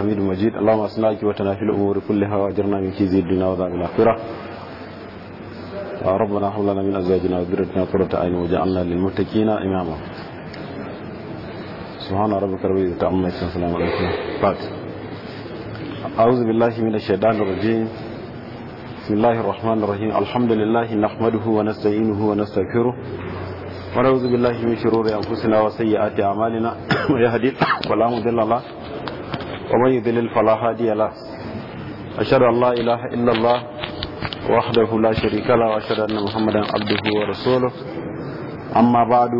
حميد مجيد اللهم اصلح وتنا في الامور كلها واجرنا من خزي الدنيا وعذاب الاخره ربنا هب لنا من ازواجنا وذريتنا قرة اعين واجعلنا للمتقين اماما سبحان ربك رب العزه عما يصفون سلام عليكم فاتح أعوذ بالله من الشيطان الرجيم بسم الله الرحمن الرحيم الحمد لله نحمده ونستعينه ونستغفره ونعوذ بالله من شرور أنفسنا وسيئات أعمالنا ويهدي فلا مضل له ومن يضلل فلا هادي له أشهد أن لا إله إلا الله وحده لا شريك له وأشهد أن محمدا عبده ورسوله أما بعد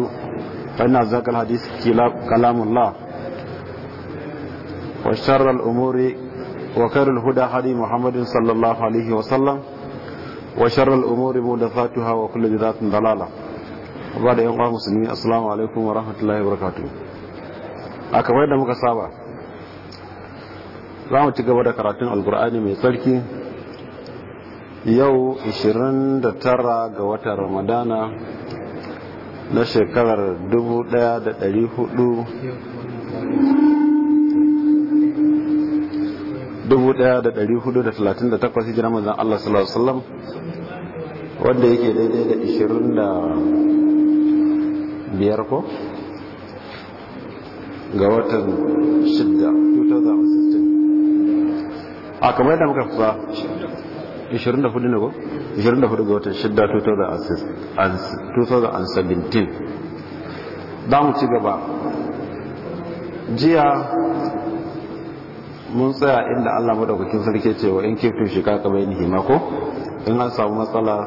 فإن أصدق الحديث كلام الله وشر الأمور وخير الهدى هدي محمد صلى الله عليه وسلم وشر الأمور محدثاتها وكل بدعة ضلالة وبعد أيها المسلمين السلام عليكم ورحمة الله وبركاته أكبر دمك صابر za mu ci gaba da karatun alkur'ani mai tsarki yau 29 ga watan ramadana na shekarar 1438 jiran mazan Allah salallahu Alaihi wasallam wanda yake daidai da 25 ko ga watan 6 2016 a kamar yadda muka kusa 24 ne ko 24 ga watan 6 2017 za mu ci gaba jiya mun tsaya inda Allah madaukakin sarki cewa in kiftu shiga kamar yin hima ko in an samu matsala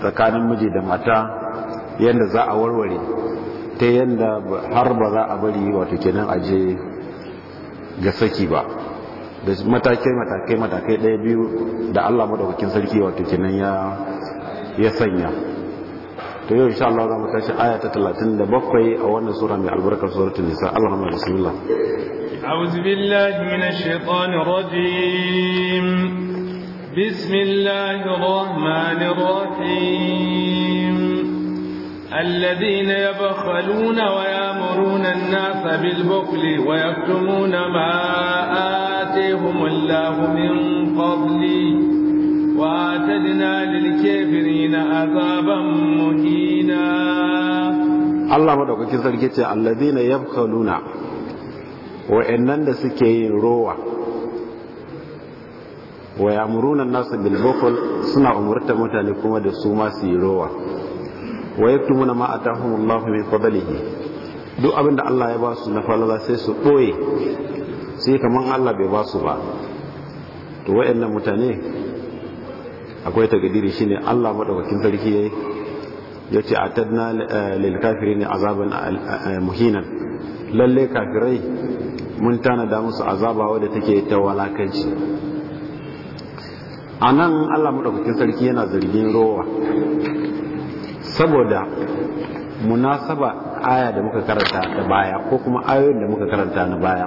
tsakanin miji da mata yadda za a warware ta yadda har ba za a bari wato kenan aje ga saki ba da matakai matakai matakai ɗaya biyu da Allah madaukakin sarki wato kenan ya ya sanya to yau insha Allah za mu tashi aya ta 37 a wannan sura mai albarkar suratul nisa Allah rahmatu bismillah أعوذ بالله من الشيطان الرجيم بسم الله الرحمن الذين يبخلون ويامرون الناس بالبخل ويكتمون ما آه يعذبهم الله من قبلي وأعتدنا للكافرين عذابا مهينا الله مدعوك كثير كتير الذين يبخلون وإننا سكين روى ويأمرون الناس بالبخل bil أمرت suna umurta mutane kuma da su ma su yi rowa duk abin da Allah ya ba su na falala sai su boye sai kamar Allah bai ba su ba to wayannan mutane akwai takdiri shine Allah madaukakin sarki yace atadna eh, lil kafirin azaban eh, muhinan lalle kafirai mun da musu azaba wadda take ta walakanci anan Allah madaukakin sarki yana zargin rowa saboda munasaba aya da muka karanta da baya ko kuma ayoyin da muka karanta na baya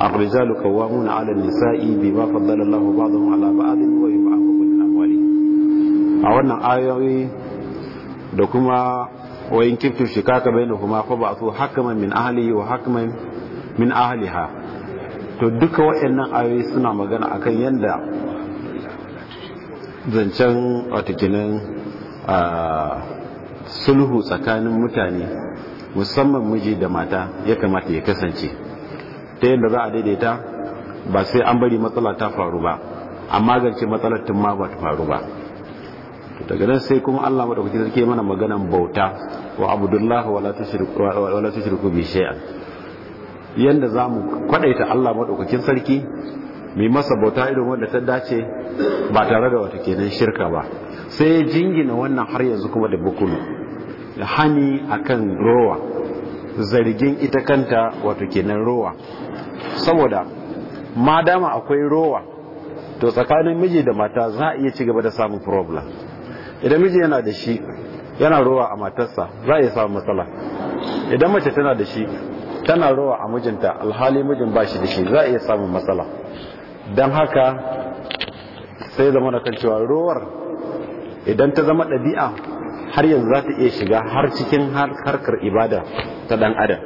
الرجال قوامون على النساء بما فضل الله بعضهم على بعض وبما من الأموال a wannan ayoyi da kuma wayin بينهما فبعثوا حكما من ba'thu hakaman min أهلها wa hakaman min سنع to duka يندع ayoyi suna magana kan yanda zancen sulhu tsakanin mutane musamman miji da mata ya kamata ya kasance ta yadda za a daidaita ba sai an bari matsala ta faru ba amma magance matsalar tun ma ba ta faru ba daga nan sai kuma Allah madaukaki sarki mana maganan bauta wa abdullahi wala ta shirku bi shay'an za zamu kwadaita Allah madaukakin sarki mai masa bauta irin wanda ta dace ba tare da wata kenan shirka ba sai jingina wannan har yanzu kuma da bukulu da hani akan rowa zargin ita kanta wato kenan rowa saboda ma dama akwai rowa to tsakanin miji da mata za a iya ci gaba da samun problem idan miji yana da shi yana rowa a matarsa za a iya samun matsala idan mace tana da shi tana rowa a mijinta alhali mijin ba shi da shi za a iya samun matsala don haka sai zama na kan cewa rowar idan ta zama ɗabi'a har yanzu za ta iya shiga har cikin harkar ibada ta dan adam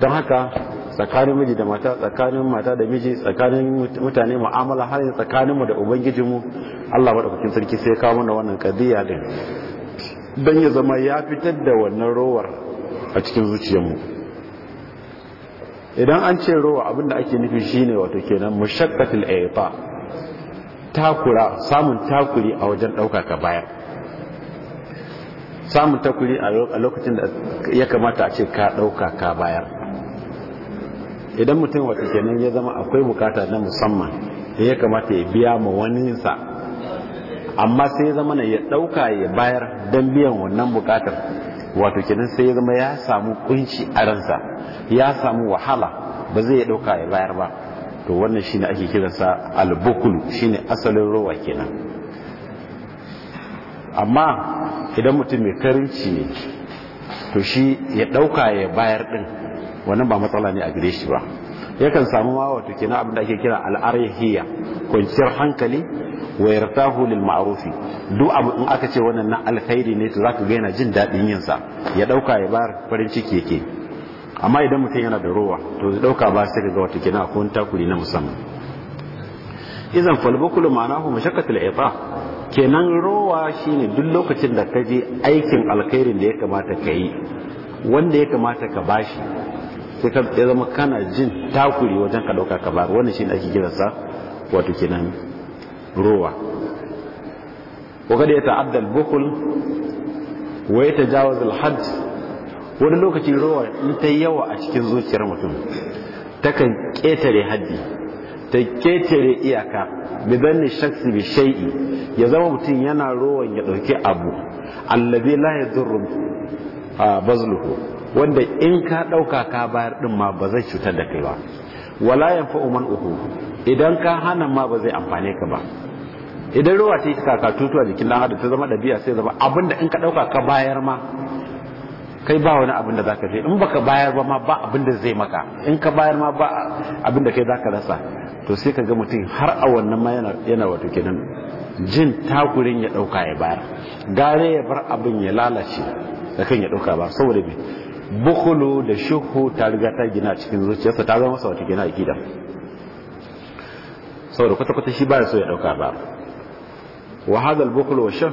don haka tsakanin miji da mata tsakanin mata da miji tsakanin mutane mu'amala har yanzu tsakaninmu da ubangijinmu Allah madaukakin sarki sai kawo mana wannan kadiya din don ya zama ya fitar da wannan rowar a cikin zuciyarmu idan an ce rowa abinda ake nufi shine wato kenan mushaqqatul aifa takura samun takuri a wajen ɗaukaka ka baya samun takuri a lokacin da ya kamata a ce ka ɗauka ka bayar idan mutum wata kenan ya zama akwai bukata na musamman da ya kamata ya biya ma waninsa amma sai ya zama na ya ɗauka ya bayar don biyan wannan bukatar wato kenan sai ya zama ya samu kunci a ransa ya samu wahala ba zai ya ɗauka ya bayar ba to wannan shine ake kiransa albukulu shine asalin rowa kenan amma idan mutum mai karinci ne to shi ya dauka ya bayar din wannan ba matsala ne a gare shi ba yakan samu ma wato kina abin da ake kira al'arihiyya kwanciyar hankali wa yartahu lil ma'rufi duk abu in aka ce wannan na alkhairi ne to zaka ga yana jin daɗin yinsa ya dauka ya bayar farin ciki yake amma idan mutum yana da rowa to zai dauka ba sai ga wato kina akwai takuri na musamman idan falbukulu hu mashaqqatul ita kenan rowa shine duk lokacin da ka je aikin alkhairin da ya kamata ka yi wanda ya kamata ka bashi sai ka ya zama kana jin takuri wajen ka dauka ka bayar wannan shine ake kiransa wato kenan rowa wa da ya ta'addal bukul wa ya yatajawaz al-hadd wani lokacin rowa in ta yawa a cikin zuciyar mutum takan ketare hajji ta ketare iyaka bidanni shaksi bi shay'i ya zama mutum yana rowan ya dauki abu allazi la yadurru bazluhu wanda in ka dauka ka bayar din ma ba zai cutar da kai ba wala yanfa'u man uhu idan ka hana ma ba zai amfane ka ba idan rowa ta yi kaka tutuwa jikin dan adam ta zama dabiya sai zama abinda in ka dauka ka bayar ma kai ba wani abin da zaka je in baka bayar ba ma ba abin da zai maka in ka bayar ma ba abin da kai zaka rasa to sai ka ga mutum har a wannan ma yana wato kenan jin takurin ya dauka ya bayar gare ya bar abin ya lalace da kan ya dauka ba saboda me bukulu da shuhu ta riga ta gina cikin zuciyarsa ta zama masa wato a akida saboda kwata kwata shi baya so ya dauka ba wa hadha al bukulu wa shuh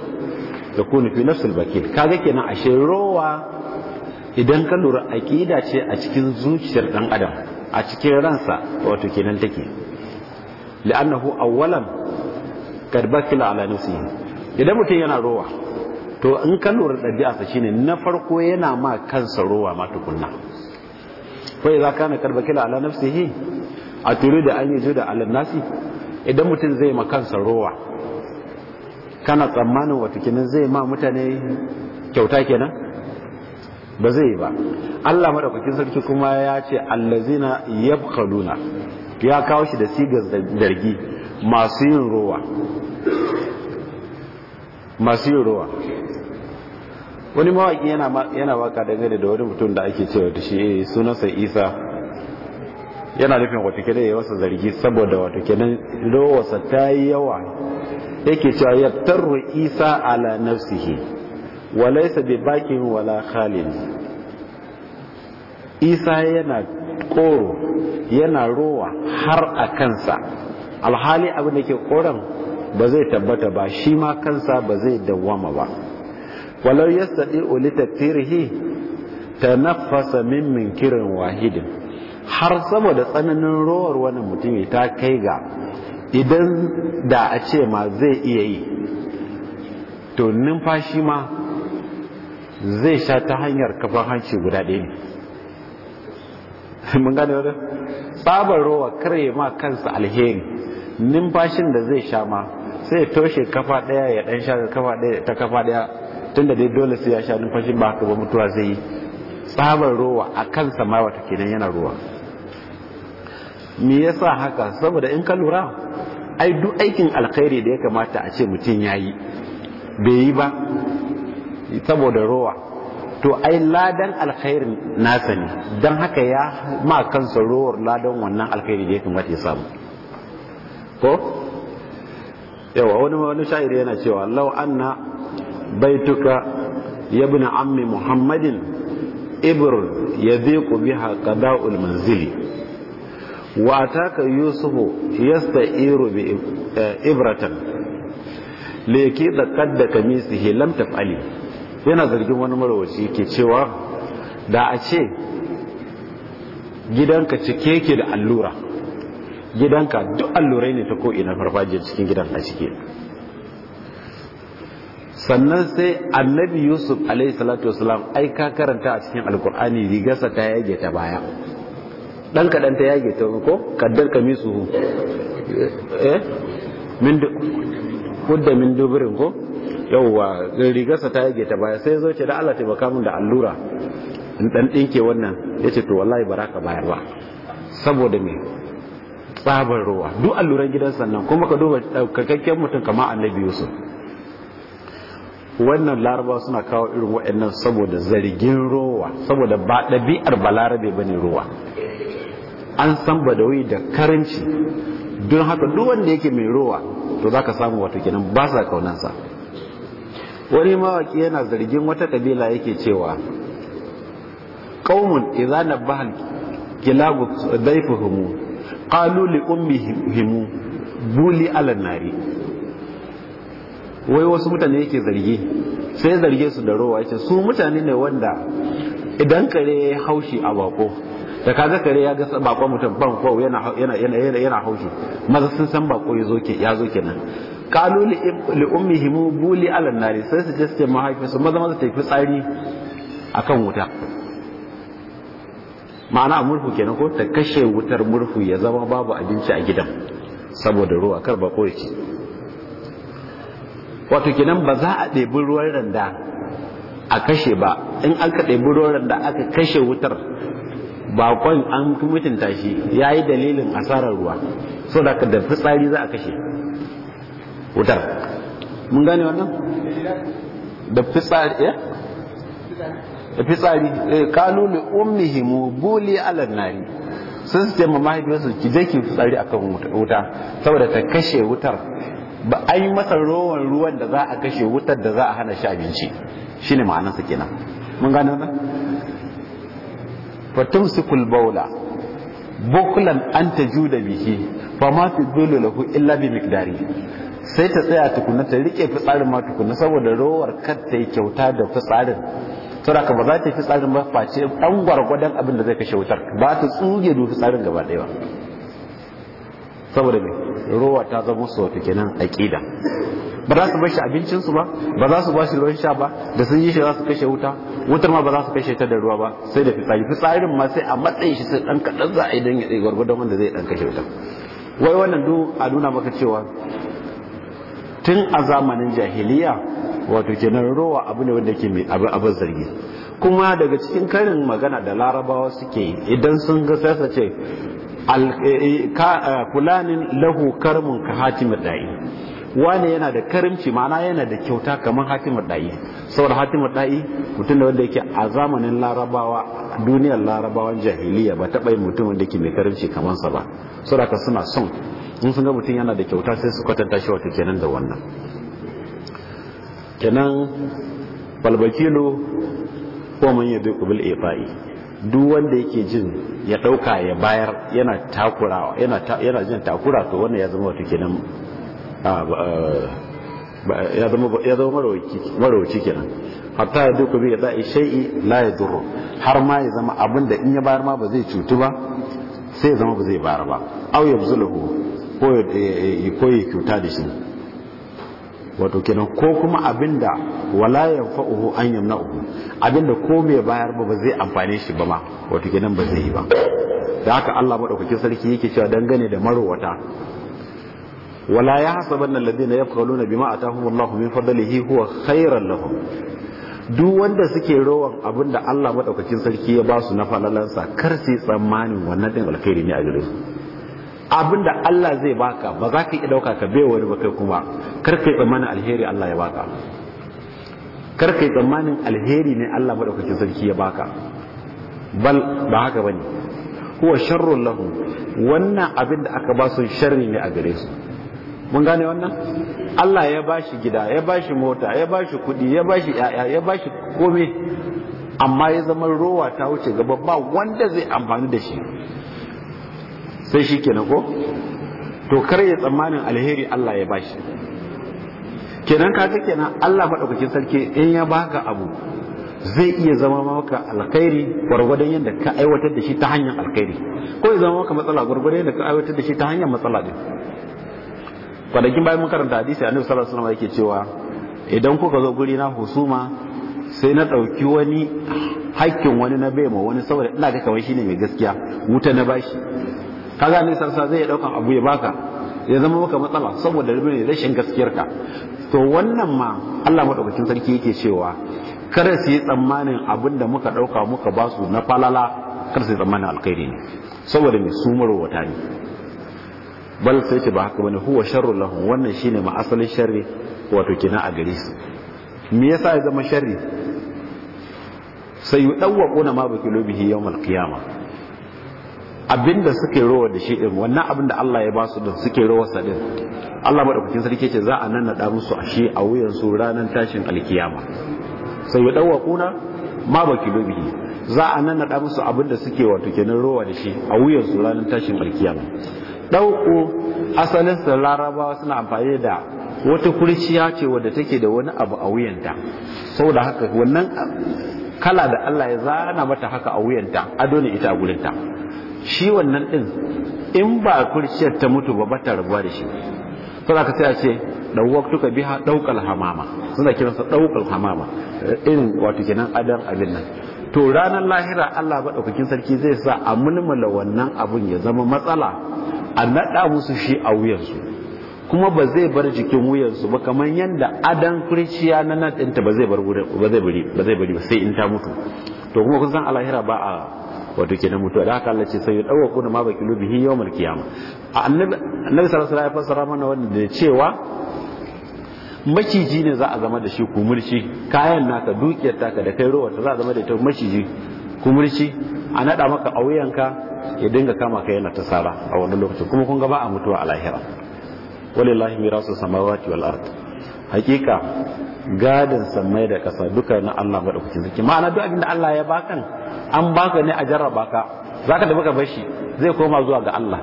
yakunu fi nafsi al bakil kaga kenan ashe rowa idan ka lura aqida ce a cikin zuciyar dan adam a cikin ransa wato kenan take li'annahu awwalan kad bakila ala nafsihi idan mutum yana rowa to in ka lura ɗabi'arsa shine na farko yana ma kansa rowa ma tukunna fa idza kana kad bakila ala nafsihi aturida an yajuda ala nasi idan mutum zai ma kansa rowa kana tsammanin wata kinin zai ma mutane kyauta kenan ba zai ba Allah madaukakin sarki kuma ya ce allazina yabkhaluna ya kawo shi da sigar zargi masu yin rowa masu yin rowa wani mawaƙi yana waka dangane da wani mutum da ake cewa da shi eh, sunansa isa yana nufin watakila ya wasu zargi saboda watakila rowarsa ta yi yawa yake cewa ya tarro isa ala nafsihi walaisa bai bakin wala khalin isa yana koro yana rowa har a kansa alhali abin da ke koran ba zai tabbata ba shi ma kansa ba zai dawwama ba walau yastadi ta ta nafasa minkirin wahidin har saboda tsananin rowar wani mutumi ta kai ga idan da a ce ma zai iya yi to numfashi ma zai sha ta hanyar kafa hanci guda ɗaya ne mun gane wani tsabar rowa kare ma kansa alheri numfashin da zai sha ma sai ya toshe kafa daya ya dan sha kafa ta kafa daya tun da dai dole sai ya sha numfashin ba haka ba mutuwa zai yi tsabar rowa a kansa ma wata kenan yana rowa me yasa haka saboda in ka lura ai duk aikin alkhairi da ya kamata a ce mutum ya yi bai yi ba saboda rowa to ai ladan alkhairi nasa ne don haka ya ma kansa rowar ladan wannan alkhairi da ya kamata ya samu ko yawa wani wani sha'iri yana cewa law anna baituka ibn ammi muhammadin ibrun yadhiqu biha qada'ul manzili wa ataka yusufu yasta'iru bi eh, ibratan leki da kadda kamisihi lam taf'ali yana zargin wani marawaci ke cewa da a ce gidanka cike yake da allura gidanka duk allurai ne ta ko'ina farfajiyar cikin gidan a cike sannan sai annabi yusuf alaihi wasalam ai ka karanta a cikin alkur'ani rigarsa ta yage ta baya dan kadan ta yage ta ko kaddar kamisu eh min kudda min dubirin ko yauwa rigarsa ta yage ta baya sai zo ce da Allah taimaka min da allura in dan dinke wannan yace to wallahi baraka bayar ba saboda me tsabar ruwa duk alluran gidan sannan kuma ka duba kakakken mutum kamar annabi Yusuf wannan laraba suna kawo irin waɗannan saboda zargin ruwa saboda ba ɗabi'ar balarabe ba ne ruwa. an san badawi da karanci don haka duk wanda yake mai ruwa to za ka samu wato kenan ba sa kaunansa wani mawaki yana zargin wata kabila yake cewa qaumun bahan nabaha daifu dayfuhum kaluli ummi ummihim buli alan nari wai wasu mutane yake zargi sai zarge su da rowa ce su mutane ne wanda idan kare haushi a bako da ka zakare ya ga bakon mutum ban ko yana yana yana yana haushi maza sun san bako ya zo ke ya zo kenan qalu li ummihimu buli ala nari sai su je su ce su maza maza ta tsari akan wuta ma'ana murhu kenan ko ta kashe wutar murhu ya zama babu abinci a gidan saboda ruwa kar bako ya ci wato kenan ba za a ɗebi ruwan randa a kashe ba in aka ɗebi ruwan randa aka kashe wutar bakon an fi mutunta shi ya yi dalilin asarar ruwa so da da fitsari za a kashe wutar mun gane wannan da fitsari ya eh? da fitsari eh, kalu li mu buli ala nari sun su ce mahaifiyarsu ki je ki fitsari akan wuta saboda ta kashe wutar ba a yi masa rowan ruwan da za a kashe wutar da za a hana shi abinci shine ma'anarsa kenan mun gane wannan fatumsikul baula bukulan an ta juda bihi fa ma fi dole lahu illa bi miqdari sai ta tsaya tukuna ta rike fitsarin ma tukuna saboda rowar kar ta yi kyauta da fitsarin tura ka ba za ta yi fitsarin ba face dan gwargwadon abin da zai kashe wutar ba ta tsuge du fitsarin gaba ɗaya ba saboda me rowa ta zama ta kenan aqida ba za su bashi abincinsu ba ba za su bashi ruwan sha ba da sun yi shi za su kashe wuta wutar ma ba za su kashe ta da ruwa ba sai da fitsari fitsarin ma sai a matsayin shi sai dan kadan za a yi dan ya gwargwadon wanda zai dan kashe wuta wai wannan du a nuna maka cewa tun a zamanin jahiliya wato kenan rowa abu ne wanda ke mai abin zargi kuma daga cikin karin magana da larabawa suke idan sun ga sai ce eh, kulanin eh, lahu karmun ka hatimin da'i wane yana da karimci ma'ana yana da kyauta kamar hatimar da'i saboda hatimar da'i mutum da wanda yake a zamanin larabawa duniyar larabawan jahiliya ba taɓa yin mutum wanda yake mai karimci kamar sa ba saboda ka suna son in sun ga mutum yana da kyauta sai su kwatanta shi wata kenan da wannan kenan balbakilu ko man yabi bil ifa'i duk wanda yake jin ya ɗauka ya bayar yana takurawa yana jin takura to wannan ya zama wato kenan Ah, ah, ya zama kenan hatta ya duka bi ya za'i shai'i la ya duro har ma ya zama abin da in ya bayar ma ba zai cutu ba sai ya zama ba zai bayar ba au ya zulahu ko ya cuta da shi wato kenan ko kuma abinda wala ya fa'uhu an uku abinda ko bai bayar ba ba zai amfane shi ba ma wato kenan ba zai yi ba da haka Allah madaukakin sarki yake cewa dangane da marowata wala ya hasabanna alladhina yafqaluna bima atahum Allah min fadlihi huwa khairan lahum duk wanda suke rowan abin da Allah madaukakin sarki ya ba su na falalansa kar su tsammanin wannan din alkhairi ne a gare su abin da Allah zai baka ba za ka iya dauka ka bai wani ba kai kuma kar kai tsammanin alheri Allah ya baka kar kai tsammanin alheri ne Allah madaukakin sarki ya baka bal ba haka bane huwa sharrun lahum wannan abin da aka ba su sharri ne a gare su mun gane wannan Allah ya bashi gida ya bashi mota ya bashi kudi ya bashi yaya ya bashi kome amma ya zama rowa ta wuce gaba ba wanda zai amfani da shi sai shi kenan ko to kar ya tsammanin alheri Allah ya bashi kenan ka ga kenan Allah madaukakin sarki in ya baka abu zai iya zama maka alkhairi gwargwadon yadda ka aiwatar da shi ta hanyar alkhairi ko ya zama maka matsala gwargwadon yadda ka aiwatar da shi ta hanyar matsala din kwanakin bayan mun karanta hadisi a nufisar alaihi wasallam yake cewa idan kuka zo guri na husuma sai na ɗauki wani hakkin wani na bema wani saboda ina ga kawai shine mai gaskiya wuta na bashi Ka kaga ne sarsa zai ya daukan abu ya baka ya zama maka matsala saboda rubin rashin gaskiyar ka to wannan ma Allah madaukakin sarki yake cewa kar ya yi tsammanin abin da muka ɗauka muka basu na falala kar ya tsammanin alkhairi ne saboda mai sumarwa ta ne bal sai ce ba haka bane huwa sharru lahum wannan shine ma asalin sharri wato kina a gare su me yasa ya zama sharri sai yudawwaquna ma bi qulubihi yawmal qiyama abinda suke rowa da shi din wannan abin da Allah ya ba su din suke rowa sa din Allah madaukakin sarki ce za a nan da musu ashe a wuyan su ranan tashin alkiyama sai yudawwaquna ma bi qulubihi za a nan da musu abinda suke wato kenan rowa da shi a wuyan su ranan tashin alkiyama ɗauko asalinsa larabawa suna amfani da wata kurciya ce wadda take da wani abu a wuyanta saboda haka wannan kala da Allah ya zana mata haka a wuyanta ado ne ita a gurinta shi wannan din in ba kurciyar ta mutu ba ba ta rabuwa da shi saboda ka sai a ce tuka biha daukal hamama suna kiransa daukal hamama irin wato kenan adan abin nan to ranar lahira Allah ba maɗaukakin sarki zai sa a mulmula wannan abun ya zama matsala a naɗa musu shi a wuyansu kuma ba zai bar jikin wuyansu ba kamar yadda adan kurciya na nan ɗinta ba zai bari ba sai in ta mutu to kuma kusan alahira ba a wato kenan mutuwa da haka Allah ce sai ya dawo kuna ma baki lubihi yawmal qiyama annabi annabi sallallahu alaihi wasallam ya fasara mana wanda da cewa maciji ne za a zama da shi kumurci kayan naka dukiyar taka da kai rowa za a zama da ita maciji kumurci a naɗa maka a wuyanka ya dinga kama ka yana ta sara a wani lokacin kuma kun ga ba a mutuwa a lahira walillahi mirasu samawati wal ard hakika gadin samai da kasa duka na Allah madaukakin sarki ma'ana duk abin da Allah ya bakan an baka ne a jarraba ka zaka da muka bashi zai koma zuwa ga Allah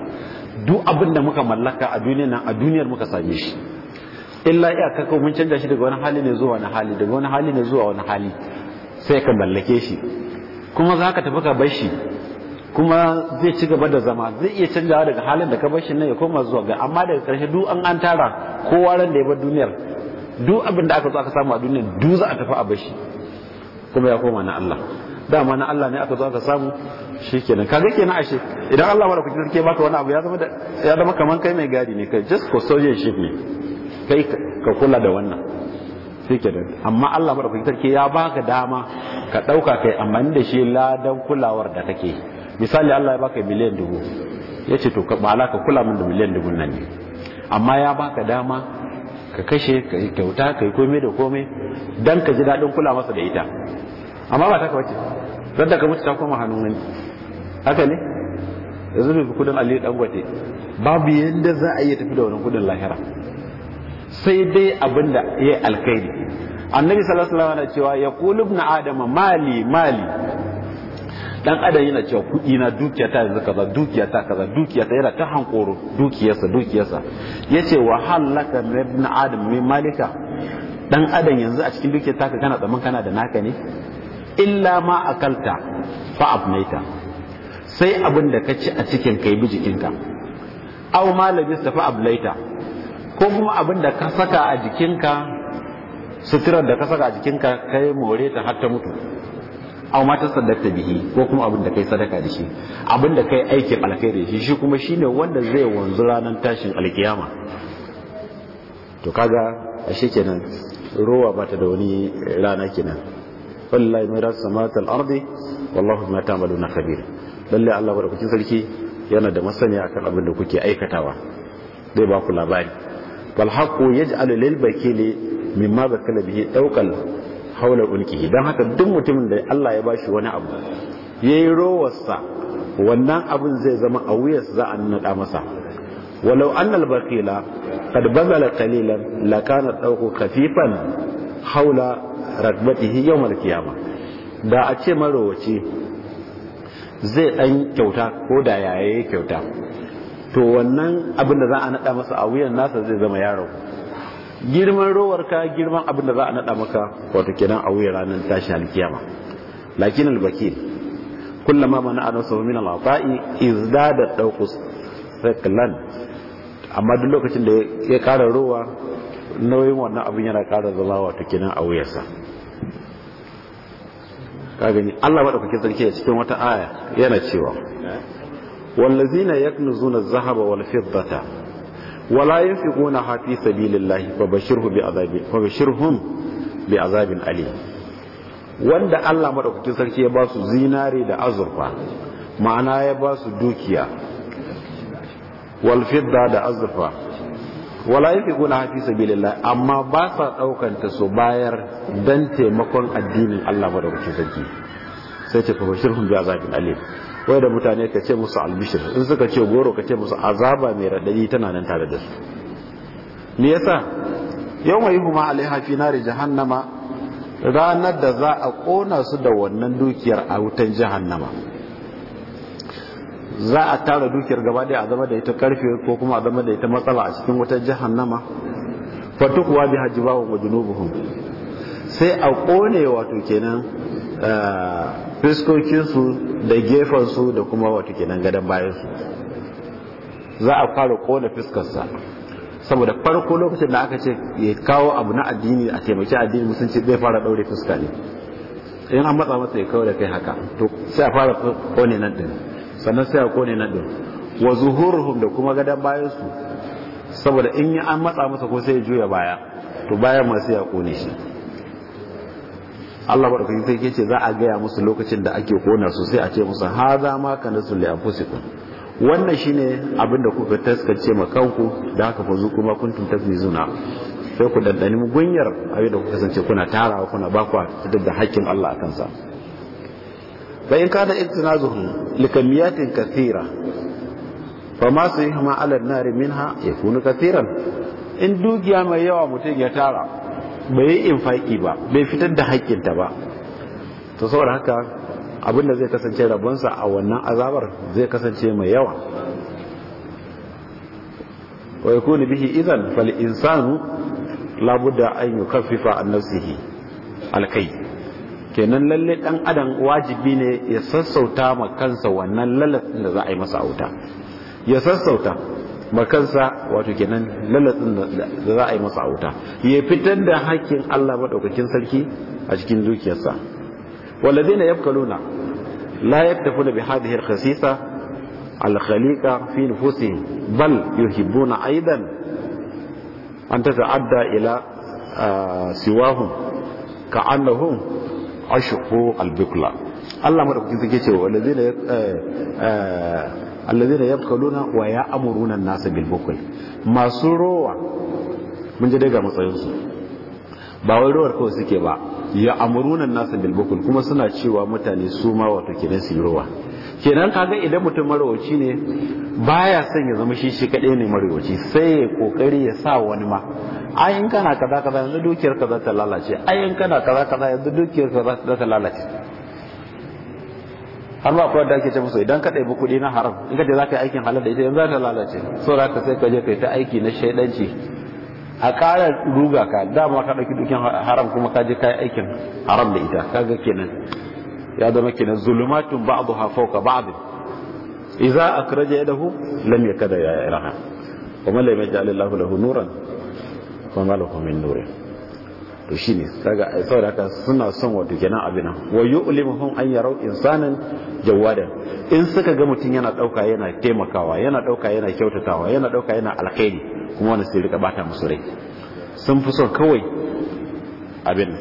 duk abin muka mallaka a duniyar nan a duniyar muka same shi illa iya kakau mun canja shi daga wani hali ne zuwa wani hali daga wani hali ne zuwa wani hali sai ka mallake shi kuma za ka tafi ka bar shi kuma zai ci gaba da zama zai iya canjawa daga halin da ka bar shi nan ya koma zuwa ga amma daga karshe duk an an tara kowa ran da ya bar duniyar duk abin da aka zo aka samu a duniyar duk za a tafi a bar shi kuma ya koma na Allah dama na Allah ne aka zo aka samu shikenan kaga kenan ashe idan Allah wala kuke sarki baka wani abu ya zama ya zama kaman kai mai gadi ne kai just for ship ne kai ka kula da wannan sai ke amma Allah madaukakin sarki ya baka dama ka dauka kai amma da shi ladan kulawar da kake misali Allah ya baka miliyan dubu yace to ka bala ka kula min da miliyan dubu nan ne amma ya baka dama ka kashe ka kyauta ka yi komai da komai dan ka ji dadin kula masa da ita amma ba ta ka wace da ka mutu ta koma hannun wani haka ne yanzu bai kudin Ali dan gwate babu yadda za a iya tafi da wannan kudin lahira sai dai abin da ya alkhairi annabi sallallahu alaihi wasallam cewa cewa yaqulu ibn adama mali mali dan adam yana cewa kuɗi na dukiya ta yanzu kaza dukiya ta kaza dukiya ta yana ta hankoro dukiyarsa dukiyarsa yace wa halaka ibn adam mai malika dan adam yanzu a cikin dukiyar ta kana tsaman kana da naka ne illa ma akalta fa abnaita sai abin da ka a cikin kai bi jikinka aw ma labista fa ablaita ko kuma abin da ka saka a jikinka suturar da ka saka a jikinka kai more ta har ta mutu aw ma tasaddaqta bihi ko kuma abin da kai sadaka da shi abin da kai aikin alkhairi shi shi kuma shine wanda zai wanzu ranar tashin alkiyama to kaga ashe kenan ruwa ba ta da wani rana kenan wallahi mirasu samawati al-ardi wallahu bima ta'maluna khabir lalle Allah madaukakin sarki yana da masaniya akan abin da kuke aikatawa zai ba ku labari wal haqqu yaj'alu lil bakili mimma bakala bihi daukan haula ulki dan haka duk mutumin da Allah ya bashi wani abu yayi rowarsa wannan abin zai zama a wuyar za a nada masa walau annal bakila kad bazala qalilan lakana ɗauko kafifan haula rakbatihi yawm al-qiyamah da a ce marowaci zai dan kyauta ko da yaye kyauta to wannan abin da za a naɗa masa a wuyan nasa zai zama yaro girman rowar ka girman abin da za a naɗa maka wato kenan a wuyan ranar tashin alkiyama lakin albakil kullama mana an wasu min al izda da dawqus thaqlan amma duk lokacin da ya ƙara rowa nauyin wannan abin yana ƙara zama wato kenan a wuyarsa ka gani Allah madaukakin sarki a cikin wata aya yana cewa والذين يكنزون الذهب والفضة ولا ينفقونها في سبيل الله فبشره بعذاب فبشرهم بعذاب أليم wanda Allah madaukakin sarki ya ba su zinare da azurfa ma'ana ya ba su dukiya Walfidda da azurfa wala yunfiquna fi sabilillah amma ba sa daukan ta su bayar dan taimakon addinin Allah madaukakin sarki sai ta fa bashirhum bi azabin alim wai da mutane ka ce musu albishir in suka ce goro ka ce musu azaba mai raɗaɗi tana nan tare da su me yasa yau mai huma alaiha fi nari jahannama ranar da za a ƙona su da wannan dukiyar a wutan jahannama za a tara dukiyar gaba ɗaya a zama da ita karfe ko kuma a zama da ita matsala a cikin wutan jahannama fatukuwa bi hajji bawon wa sai a kone wato kenan Ah, fiskokinsu da gefensu da kuma wato kenan gadon bayansu za a fara kona fiskarsa saboda farko lokacin da aka ce ya kawo abu na addini a taimaki addini musulunci zai fara daure fuska ne in an matsa masa ya kawo da kai haka to sai a fara kone nan din sannan sai a kone nan din wa zuhuruhum da kuma gadon bayansu saboda in an matsa masa ko sai ya juya baya to bayan masu ya kone shi Allah barkai sai ce za a gaya musu lokacin da ake kona su sai a ce musu haza ma nasu li anfusikum wannan shine abin da kuka taskace ma kanku da haka fa kuma ma kuntum tafizuna sai ku dandani gunyar abin da kuka kasance kuna tarawa kuna bakwa duk da hakkin Allah a kansa fa in kana iktinazuhum likamiyatin kathira fa ma sayhama ala an minha yakunu kathiran in dukiya mai yawa mutum ya tara bai yi infaki ba bai fitar da haƙƙinta ba ta saboda haka abinda zai kasance rabonsa a wannan azabar zai kasance mai yawa wa yakunu bihi idan fal insanu labudda an yukaffifa an nafsihi alkai kenan lalle dan adam wajibi ne ya sassauta ma kansa wannan lalatin da za a yi masa auta ya sassauta makansa wato kenan lalatsin da za a yi masa a wuta ya fitar da hakkin Allah maɗaukakin sarki a cikin dukiyarsa wallazi na luna la yaktafuna bi hadhihi al-khasisa al-khaliqa fi nufusi bal yuhibbuna aidan an ta'adda ila siwahum ka'annahum ashqu al-bukla Allah maɗaukakin sarki ce wallazi na eh, eh, alladhina yabkhaluna wa ya'muruna an-nasa bil bukhl masu rowa mun ji daga matsayin su ba wai rowar kawai suke ba ya'muruna an-nasa bil bukhl kuma suna cewa mutane su ma wato kenan su rowa kenan kaga idan mutum marawaci ne baya son ya zama shi shi kadai ne marawaci sai ya kokari ya sa wani ma ayin kana kaza kaza yanzu dukiyar kaza ta lalace ayin kana kaza kaza yanzu dukiyar kaza ta lalace har ma kuwa da ake ce musu idan ka ɗebi kuɗi na haram in ka ce za ka yi aikin halar da ita yanzu za ta lalace so za ka sai ka je ka yi ta aiki na shaidanci a ƙara ruga ka dama ka ɗauki haram kuma ka je ka yi aikin haram da ita ka ga kenan ya zama kenan zulumatun ba'daha fawqa ba'd idza akraja yadahu lam yakada ya iraha wa man lam yaj'al lahu nuran kuma ma nurin to shine kaga saboda haka suna son wato kenan abin nan wa yu'limuhum an yarau insanan jawadan in suka ga mutum yana dauka yana taimakawa yana dauka yana kyautatawa yana dauka yana alkhairi kuma wani sai rika bata musu rai sun fi son kawai abin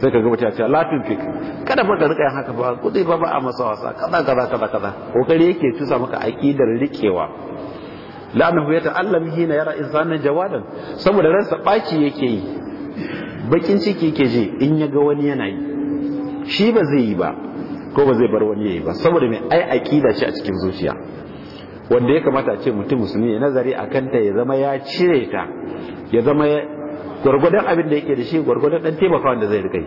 sai ka ga mutum ya ce latin fik kada ba ka rika yin haka ba kudi ba ba a masa wasa kaza kaza kaza kaza kokari yake tusa maka aqidar rikewa la'annahu yata'allam hina yara insanan jawadan saboda ransa baki yake yi bakin ciki ke ji in ya ga wani yana yi shi ba zai yi ba ko ba zai bar wani ya yi ba saboda mai ai akida ce a cikin zuciya wanda ya kamata a ce mutum musulmi ya nazari a kanta ya zama ya cire ta ya zama gwargwadon abin da yake da shi gwargwadon dan taimakawa da zai rikai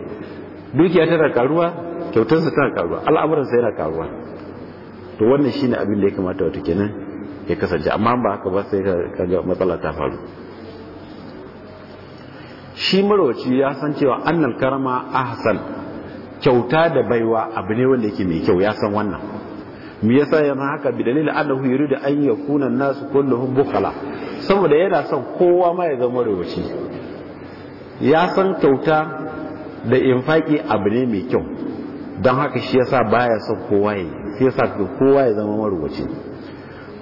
dukiya tana karuwa kyautar sa tana karuwa al'amuran sai yana karuwa to wannan shine abin da ya kamata wato kenan ya kasance amma ba haka ba sai kaga matsala ta faru shi marwaci ya san cewa annal karama ahsan kyauta da baiwa abu ne wanda yake mai kyau ya san wannan me sa yana haka bi dalil annahu yuridu an yakuna an-nas kulluhum bukhala saboda yana son kowa ma ya zama marwaci ya san kyauta da infaki abu ne mai kyau don haka shi yasa baya son kowa ya sai yasa kowa ya zama marwaci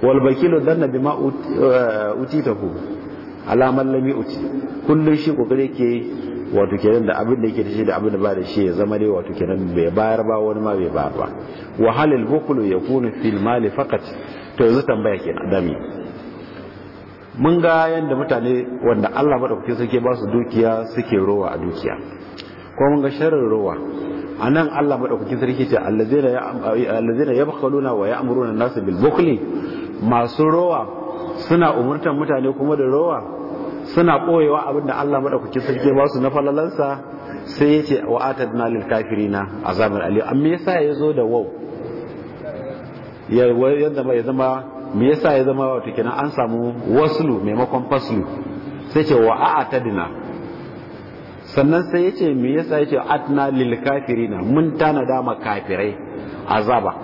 wal bakilu danna bima eh, utitahu alamar lami uti kullum shi kokari ke wato kenan da abin da yake tace da abin da ba da shi ya zama dai wato kenan bai bayar ba wani ma bai bayar ba wa halil ya yakunu fil mali faqat to yanzu tambaya kenan dami mun ga yadda mutane wanda Allah madaukakin sarki ba su dukiya suke rowa a dukiya ko mun ga sharrin rowa a nan Allah madaukakin sarki ce allazina yabkhaluna wa ya'muruna an-nasa bil bukli masu rowa suna umurtan mutane kuma da rowa suna koyewa abin da Allah madaukaki sarki ba su na falalansa sai yace wa atadna lil kafirina azabar ali amma yasa zo da wau ya yanda ya zama me yasa ya zama wato kenan an samu waslu maimakon faslu sai ce wa dina sannan sai yace me yasa yace atna lil kafirina mun tana da kafirai azaba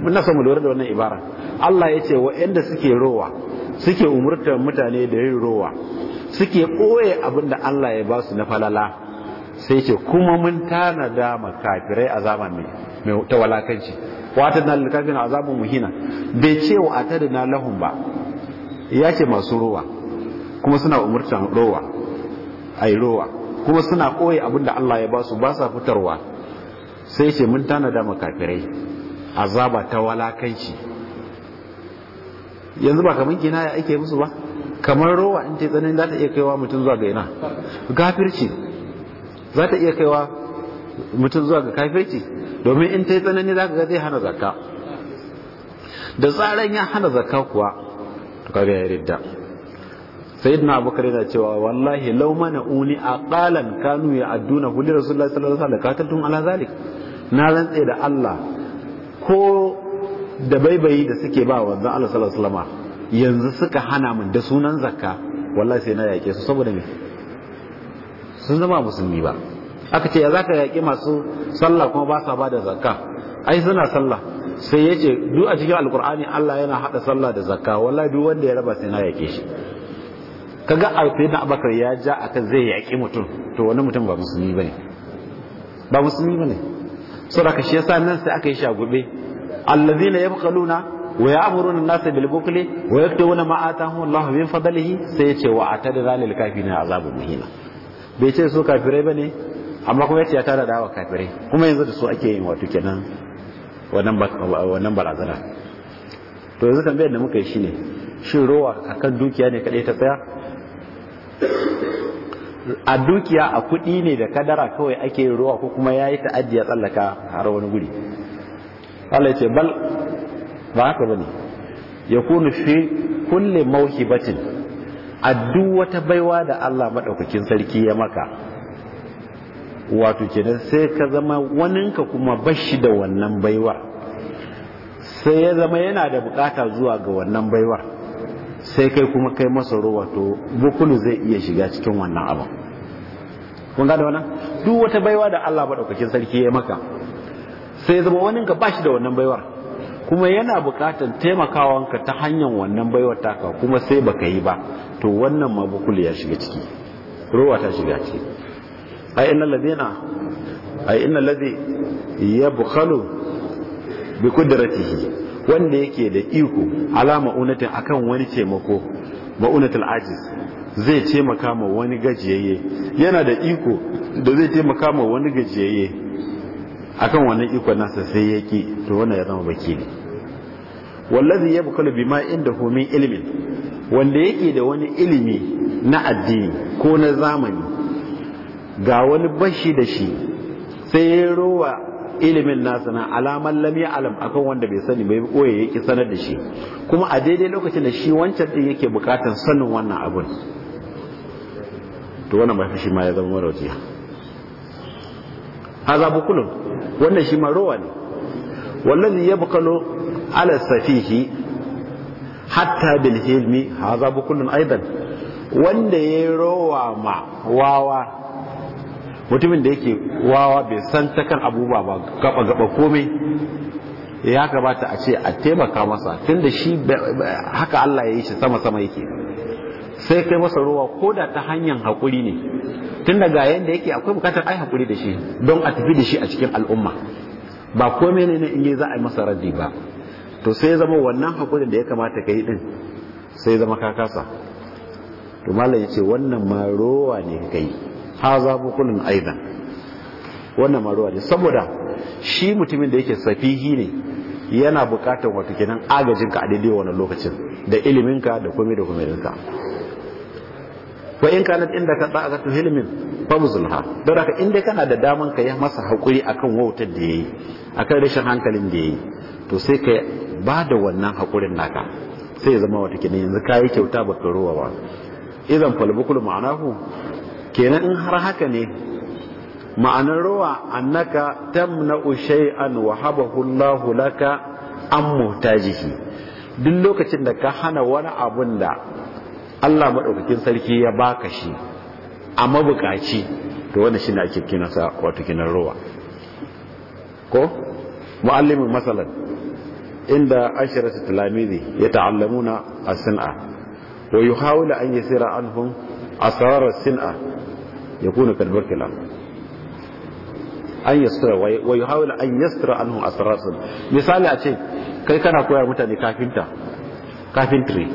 mun na mu lura da wannan ibara Allah yace wa inda suke rowa suke umurtar mutane da yin rowa suke koye abin da Allah ya ba su na falala sai ce kuma mun tanada makafirai azaba mai ta walakanci wata na lalkafin azabun muhina bai ce wa a tada na lahun ba ya ce masu rowa kuma suna umurtar rowa yi rowa kuma suna koye abin da Allah ya ba su ba sa fitarwa sai ce mun tanada makafirai azaba ta walakanci yanzu ba kamar ya ake musu ba kamar rowa in tai tsanani za ta iya kaiwa mutum zuwa ga ina gafirci za ta iya kaiwa mutum zuwa ga kafirci domin in tai tsanani za ka ga zai hana zakka da tsaran ya hana zakka kuwa to kaga ya ridda sayyidina abubakar yana cewa wallahi law mana uni aqalan kanu ya adduna hu li rasulullahi sallallahu alaihi wasallam qataltum ala zalik na rantse da Allah ko da baibayi da suke ba wa zan Allah sallallahu alaihi wasallam yanzu suka hana min da sunan zakka wallahi sai na yake su saboda me sun zama musulmi ba aka ce ya zaka yaƙi masu sallah kuma ba sa ba da zakka ai suna sallah sai yace duk a cikin alkur'ani Allah yana haɗa sallah da zakka wallahi duk wanda ya raba sai na yaƙe shi kaga alfai na abakar ya ja akan zai yaƙi mutum to wani mutum ba musulmi bane ba musulmi bane saboda ka shi yasa nan sai aka yi shagube allazina yabqaluna wa ya'muruna an-nasa bil bukli wa yaktubuna ma atahum Allah min fadlihi sai yace wa atadra lil kafirina azabun muhina bai ce su kafirai bane amma kuma yace ya tara da wa kafire kuma yanzu da su ake yin wato kenan wannan wannan barazana to yanzu tambayar da muka yi shine shin rowa akan dukiya ne kadai ta tsaya a dukiya a kudi ne da kadara kawai ake rowa ko kuma ya yi ta'addi ya tsallaka har wani guri Allah ce bal ba haka bane ya kunu fi kulle mawhibatin a duk wata baiwa da Allah madaukakin sarki ya maka wato kenan sai ka zama waninka kuma bashi da wannan baiwa sai ya zama yana da bukata zuwa ga wannan baiwa sai kai kuma kai masa ruwa to bukulu zai iya shiga cikin wannan abu kun gane wannan duk wata baiwa da Allah madaukakin sarki ya maka sai zama wani ka bashi da wannan baiwar kuma yana bukatar taimakawanka ta hanyar wannan baiwar taka kuma sai baka yi ba to wannan mabukul ya shiga ciki ruwa ta shiga ciki ai innal a ina innal ya yabkhalu bi wanda yake da iko alama unatin akan wani taimako ma'unatul ajiz zai taimaka ma wani gajiyayye yana da iko da zai taimaka ma wani gajiyayye akan wannan ikon nasa sai ya ki to wannan ya zama wakili wallazi ya bukalu bima inda min ilimin wanda yake da wani ilimi na addini ko na zamani ga wani bashi da shi sai ya rowa ilimin nasa na alaman lam alam akan wanda bai sani bai koye yake sanar da shi kuma a daidai lokacin da shi wancan din yake bukatar sanin wannan abun to wannan ba shi ma ya zama marauciya haza bukulun wannan shi ma rowa ne wallazi yabqalu ala safihi hatta bil hilmi haza bukulun aidan wanda ya rowa ma wawa mutumin da yake wawa bai san ta kan abubuwa ba gaba gaba komai ya kamata a ce a taimaka masa tunda shi haka Allah ya yi shi sama sama yake sai kai masa ruwa ko da ta hanyar haƙuri ne tun daga yadda yake akwai bukatar ai haƙuri da shi don a tafi da shi a cikin al'umma ba komai ne na inge za a yi masa raddi ba to sai zama wannan haƙurin da ya kamata ka yi din sai zama ka kasa to malam ya ce wannan ma ruwa ne ka yi ha za bukulun wannan ma ruwa ne saboda shi mutumin da yake safihi ne yana bukatar wata kenan agajinka a daidai wannan lokacin da iliminka da komai da komai wa in kanat inda ka da'atu hilmin famzulha don haka in dai kana da daman ka yi masa hakuri akan wautar da yayi akan rashin hankalin da yayi to sai ka ba da wannan hakurin naka sai ya zama wata kenan yanzu kayi kyauta ba ka ruwa ba idan falbukul ma'anahu kenan in har haka ne ma'anar ruwa annaka tamna'u shay'an wa habahu Allahu laka an muhtajihi duk lokacin da ka hana wani abun da Allah maɗaukakin sarki ya baka shi a mabukaci to wanda shi na ake kinasa wato kinan ruwa ko mu'allimin masalan inda ashiratu ya yata'allamuna a sina wa yuhawilu an yi yasira anhum a as-sin'a ya kuna yakunu kilan an yasira wa yuhawilu an an hun a as-sin'a misali a ce kai kana koya mutane kafinta kafintry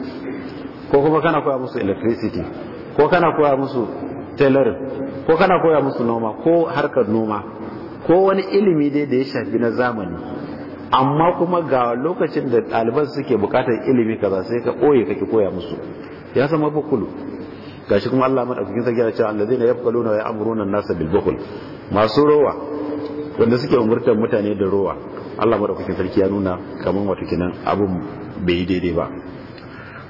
ko kuma kana koya musu electricity ko kana koya musu tailoring ko kana koya musu noma ko harkar noma ko wani ilimi dai da ya shafi na zamani amma kuma ga lokacin da ɗaliban suke buƙatar ilimi kaza sai ka ɓoye kake koya musu ya sama bukulu gashi kuma Allah madaukakin sarki ya ce allazina yafqaluna wa ya'muruna an-nasa bil bukhl masu rowa wanda suke umurtar mutane da rowa Allah maɗaukakin sarki ya nuna kaman wato kenan abun bai yi daidai ba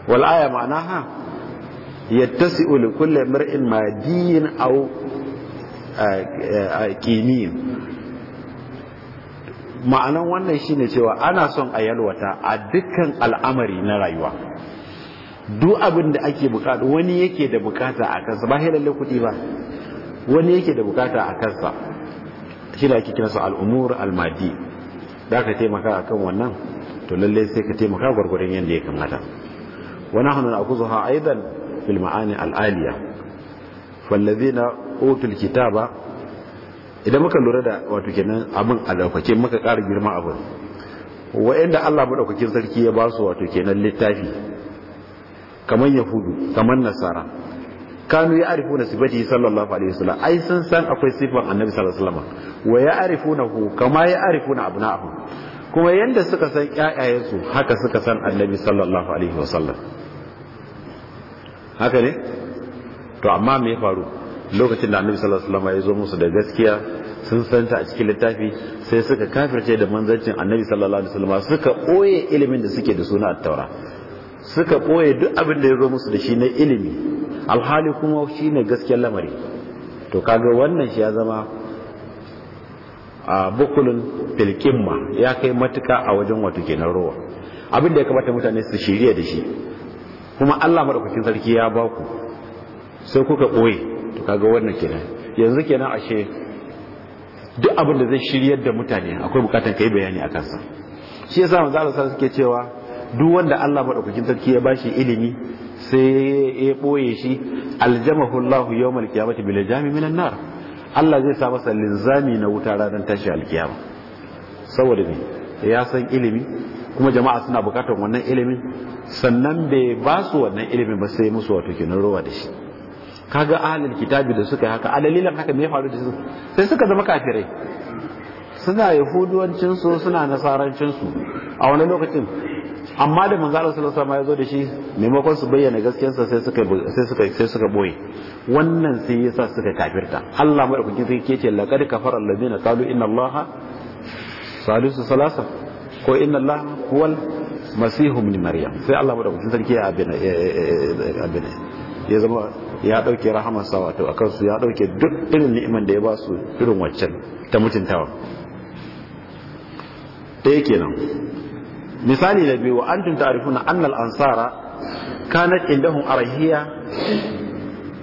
wal aya ma'anaha yattasi'u li kulli mar'in ma din aw eh, kimiyin ma'anan wannan shine cewa ana son a yalwata a dukkan al'amari na rayuwa duk abin da ake bukata wani yake da bukata a kansa ba lalle kuɗi ba wani yake da bukata a kansa shi da ake kira su al'umur almadi da ka taimaka akan wannan to lalle sai ka taimaka gwargwadon yadda ya kamata ونحن نأخذها أيضا في المعاني العالية فالذين أوتوا الكتاب idan muka lura da wato kenan a daukake muka ƙara girma abin wa'anda Allah madaukakin sarki ya ba su wato kenan littafi kamar yahudu kamar nasara kanu ya arifu na sallallahu alaihi wasallam ai sun san akwai sifan annabi sallallahu wa ya kama ya kuma yanda suka san ƴaƴayensu haka suka san annabi sallallahu alaihi wasallam haka ne to amma me ya faru lokacin da annabi sallallahu alaihi wasallam ya zo musu da gaskiya sun santa a cikin littafi sai suka kafirce da manzancin annabi sallallahu alaihi wasallam suka boye ilimin da suke da suna at-taura suka boye duk abin da ya zo musu da shi na ilimi alhali kuma shi ne gaskiyar lamari to kaga wannan shi ya zama a bukulun filkimma ya kai matuka a wajen wato kenan rowa abin da ya kamata mutane su shirya da shi kuma Allah madaukakin sarki ya ba ku sai kuka ɓoye to kaga wannan kenan yanzu kenan ashe duk abin da zai shiryar da mutane akwai bukatan kai bayani a kansa shi yasa manzo Allah sallallahu suke cewa duk wanda Allah madaukakin sarki ya bashi ilimi sai ya boye shi aljamahu Allah yawmal qiyamati bil jami minan nar Allah zai sa masa linzami na wuta ranar tashi alkiyama saboda ne ya san ilimi kuma jama'a suna bukatar wannan ilimin sannan bai ba su wannan ilimin ba sai musu wato kenan rowa da shi kaga ahlul kitabi da suka yi haka alalilan haka me faru da su sai suka zama kafirai suna yi su suna nasarancin a wani lokacin amma da manzo Allah sallallahu alaihi ya zo da shi maimakon su bayyana gaskiyarsa sai suka sai suka boye wannan sai yasa suka kafirta Allah mai hukunci sai yake ce laqad kafara na qalu inna allaha salisu salasa ko inna Allah huwal masihu min maryam sai Allah kun sarki ya abin abin ya zama ya dauke rahamar sa wato akan su ya dauke duk irin ni'iman da ya ba su irin waccan ta mutuntawa ɗaya kenan misali na biyu an tun ta'rifuna anna al-ansara kanat indahum arahiya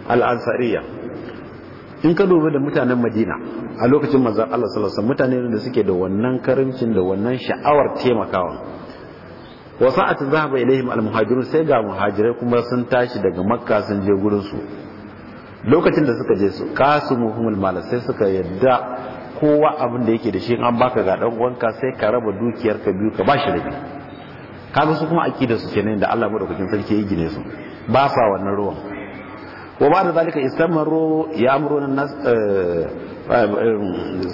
al-ansariya in ka dubi da mutanen madina a lokacin maza Allah salasa mutane da suke da wannan karimcin da wannan sha'awar taimakawa Wasu wa sa'at zahaba Al almuhajirun sai ga muhajirai kuma sun tashi daga makka sun je gurin su lokacin da suka je su kasu muhimmin malar sai suka yadda kowa abin da yake da shi an baka ga dan wanka sai ka raba dukiyar ka biyu ka bashi rabi kaga su kuma akida su kenan da Allah madaukakin sarki ya gine su ba sa wannan ruwan wa ba da zalika istamaru ya amruna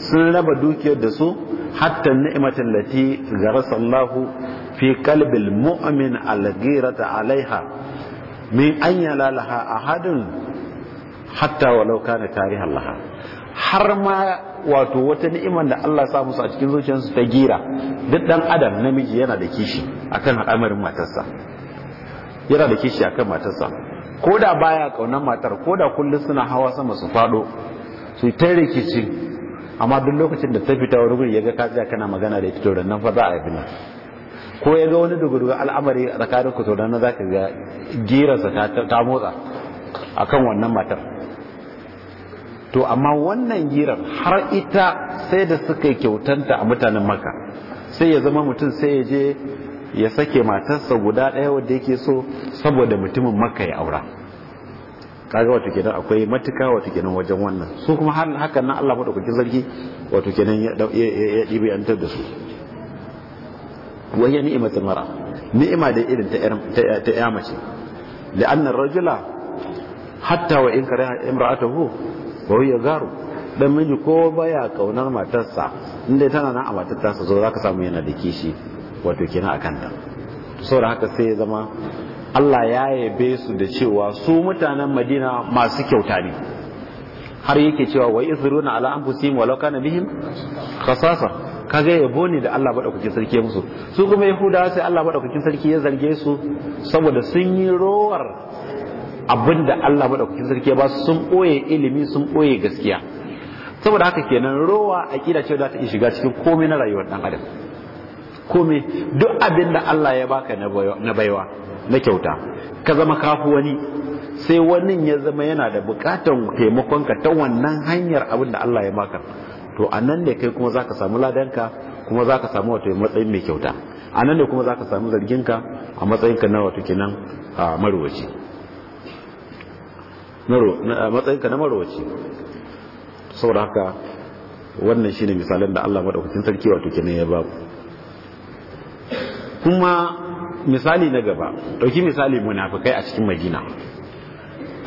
sun raba dukiyar da su hatta ni'matin lati garasa Allah fi qalbil mu'min al alaiha min an yalalaha ahadun hatta walau kana tarihan laha har ma wato wata ni'imar da Allah sa musu a cikin zuciyarsu ta gira duk dan adam namiji yana da kishi akan al'amarin matarsa yana da kishi akan matarsa ko da baya kaunar matar ko da kullum suna hawa sama su faɗo. sai ta rikici amma duk lokacin da ta fita wani guri ya ga kana magana da ita to nan fa za a yi ko ya ga wani dugudugu al'amari tsakanin ku to nan za ka ga girarsa ta motsa akan wannan matar to amma wannan girar har ita sai da suka kyautanta a mutanen maka sai ya zama mutum sai ya je ya sake matarsa guda ɗaya wadda yake so saboda mutumin maka ya aura kaga wato kenan akwai matuka wato kenan wajen wannan su kuma har hakan nan Allah madaukakin sarki wato kenan ya dibi an da su wayya ni'matul mara ni'ima da irin ta ta ya mace la'anna ar-rajula hatta wa in ta imra'atuhu wa huwa garu dan miji ko baya kaunar matarsa inda tana nan a matarsa zo zaka samu yana da kishi wato kenan akan ta saboda haka sai ya zama Allah ya yabe su da cewa su mutanen Madina masu kyauta ne har yake cewa wa izruna ala anfusihim law kana bihim khasasa kaga yabo ne da Allah madaukakin sarki musu su kuma yahuda sai Allah madaukakin sarki ya zarge su saboda sun yi rowar abinda Allah madaukakin sarki ba su sun boye ilimi sun boye gaskiya saboda haka kenan rowa aqida ce da ta shiga cikin komai na rayuwar dan adam komai duk abin da Allah ya baka na baiwa na kyauta ka zama kafu wani sai wani ya zama yana da bukatan taimakonka ta wannan hanyar abin da Allah ya maka to a nan ne kai kuma zaka samu ladanka kuma zaka samu wato matsayin mai kyauta a nan ne kuma zaka samu zarginka a matsayin ka na wato kenan a marwaci ka na marwaci saboda haka wannan shine misalan da Allah madaukakin sarki wato kenan ya ba kuma misali na gaba ɗauki misali munafikai a cikin madina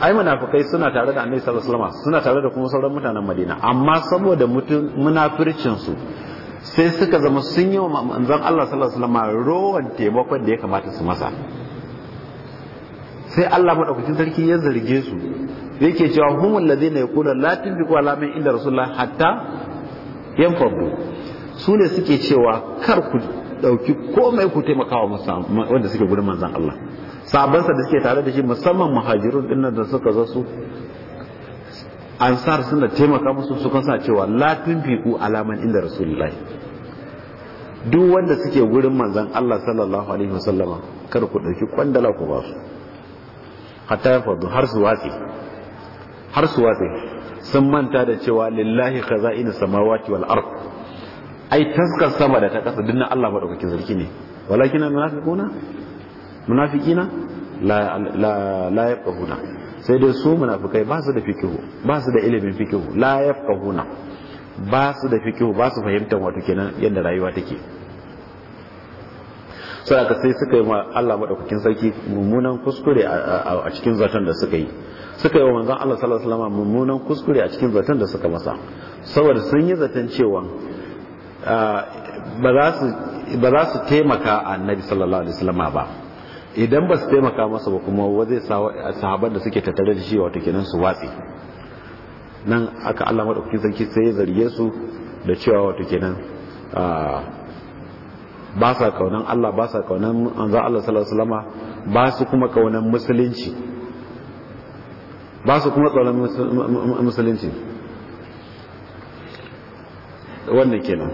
ai munafukai suna tare da annabi sallallahu alaihi wasallam suna tare da kuma sauran mutanen madina amma saboda munafircin su sai suka zama sun yi wa manzon Allah sallallahu alaihi wasallam rowan taimakon da ya kamata su masa sai Allah madaukakin sarki ya zarge su yake cewa humul ladina yaqulu la tunfiqu ala man inda rasulullah hatta yanfadu su ne suke cewa kar ku dauki komai ku taimakawa wanda suke gurin manzan Allah sabansa da suke tare da shi musamman muhajirun dinnan da suka zo su ansar suna taimaka musu su kan sa cewa latin tunfiqu alaman inda rasulullahi duk wanda suke gurin manzan Allah sallallahu alaihi wasallama kar ku dauki kwandala ku ba su hatta ya fadu har su watsi har su watsi sun manta da cewa lillahi khaza'inu samawati wal wal'arku. ai taskar sama da ta kasa dinnan Allah madaukakin sarki ne walakin munafiquna munafiqina la la la yafqahuna sai dai su munafikai ba su da fikihu ba su da ilimin fikihu la yafqahuna ba su da fikihu ba su fahimtar wato kenan yadda rayuwa take saboda sai suka yi Allah madaukakin sarki mummunan kuskure a cikin zaton da suka yi suka yi wa manzon Allah sallallahu alaihi wasallam mummunan kuskure a cikin zaton da suka masa saboda sun yi zaton cewa ba za su taimaka a annabi sallallahu alaihi wasallama ba idan ba su taimaka masa ba kuma wa zai sahaban da suke tattare da shi wato kenan su watsi nan aka Allah madaukakin sarki sai ya zarge su da cewa wato kenan ah, ba sa kaunan Allah ba sa kaunan anzan Allah sallallahu alaihi wasallama ba su kuma kaunan musulunci ba su kuma kaunan musulunci wannan kenan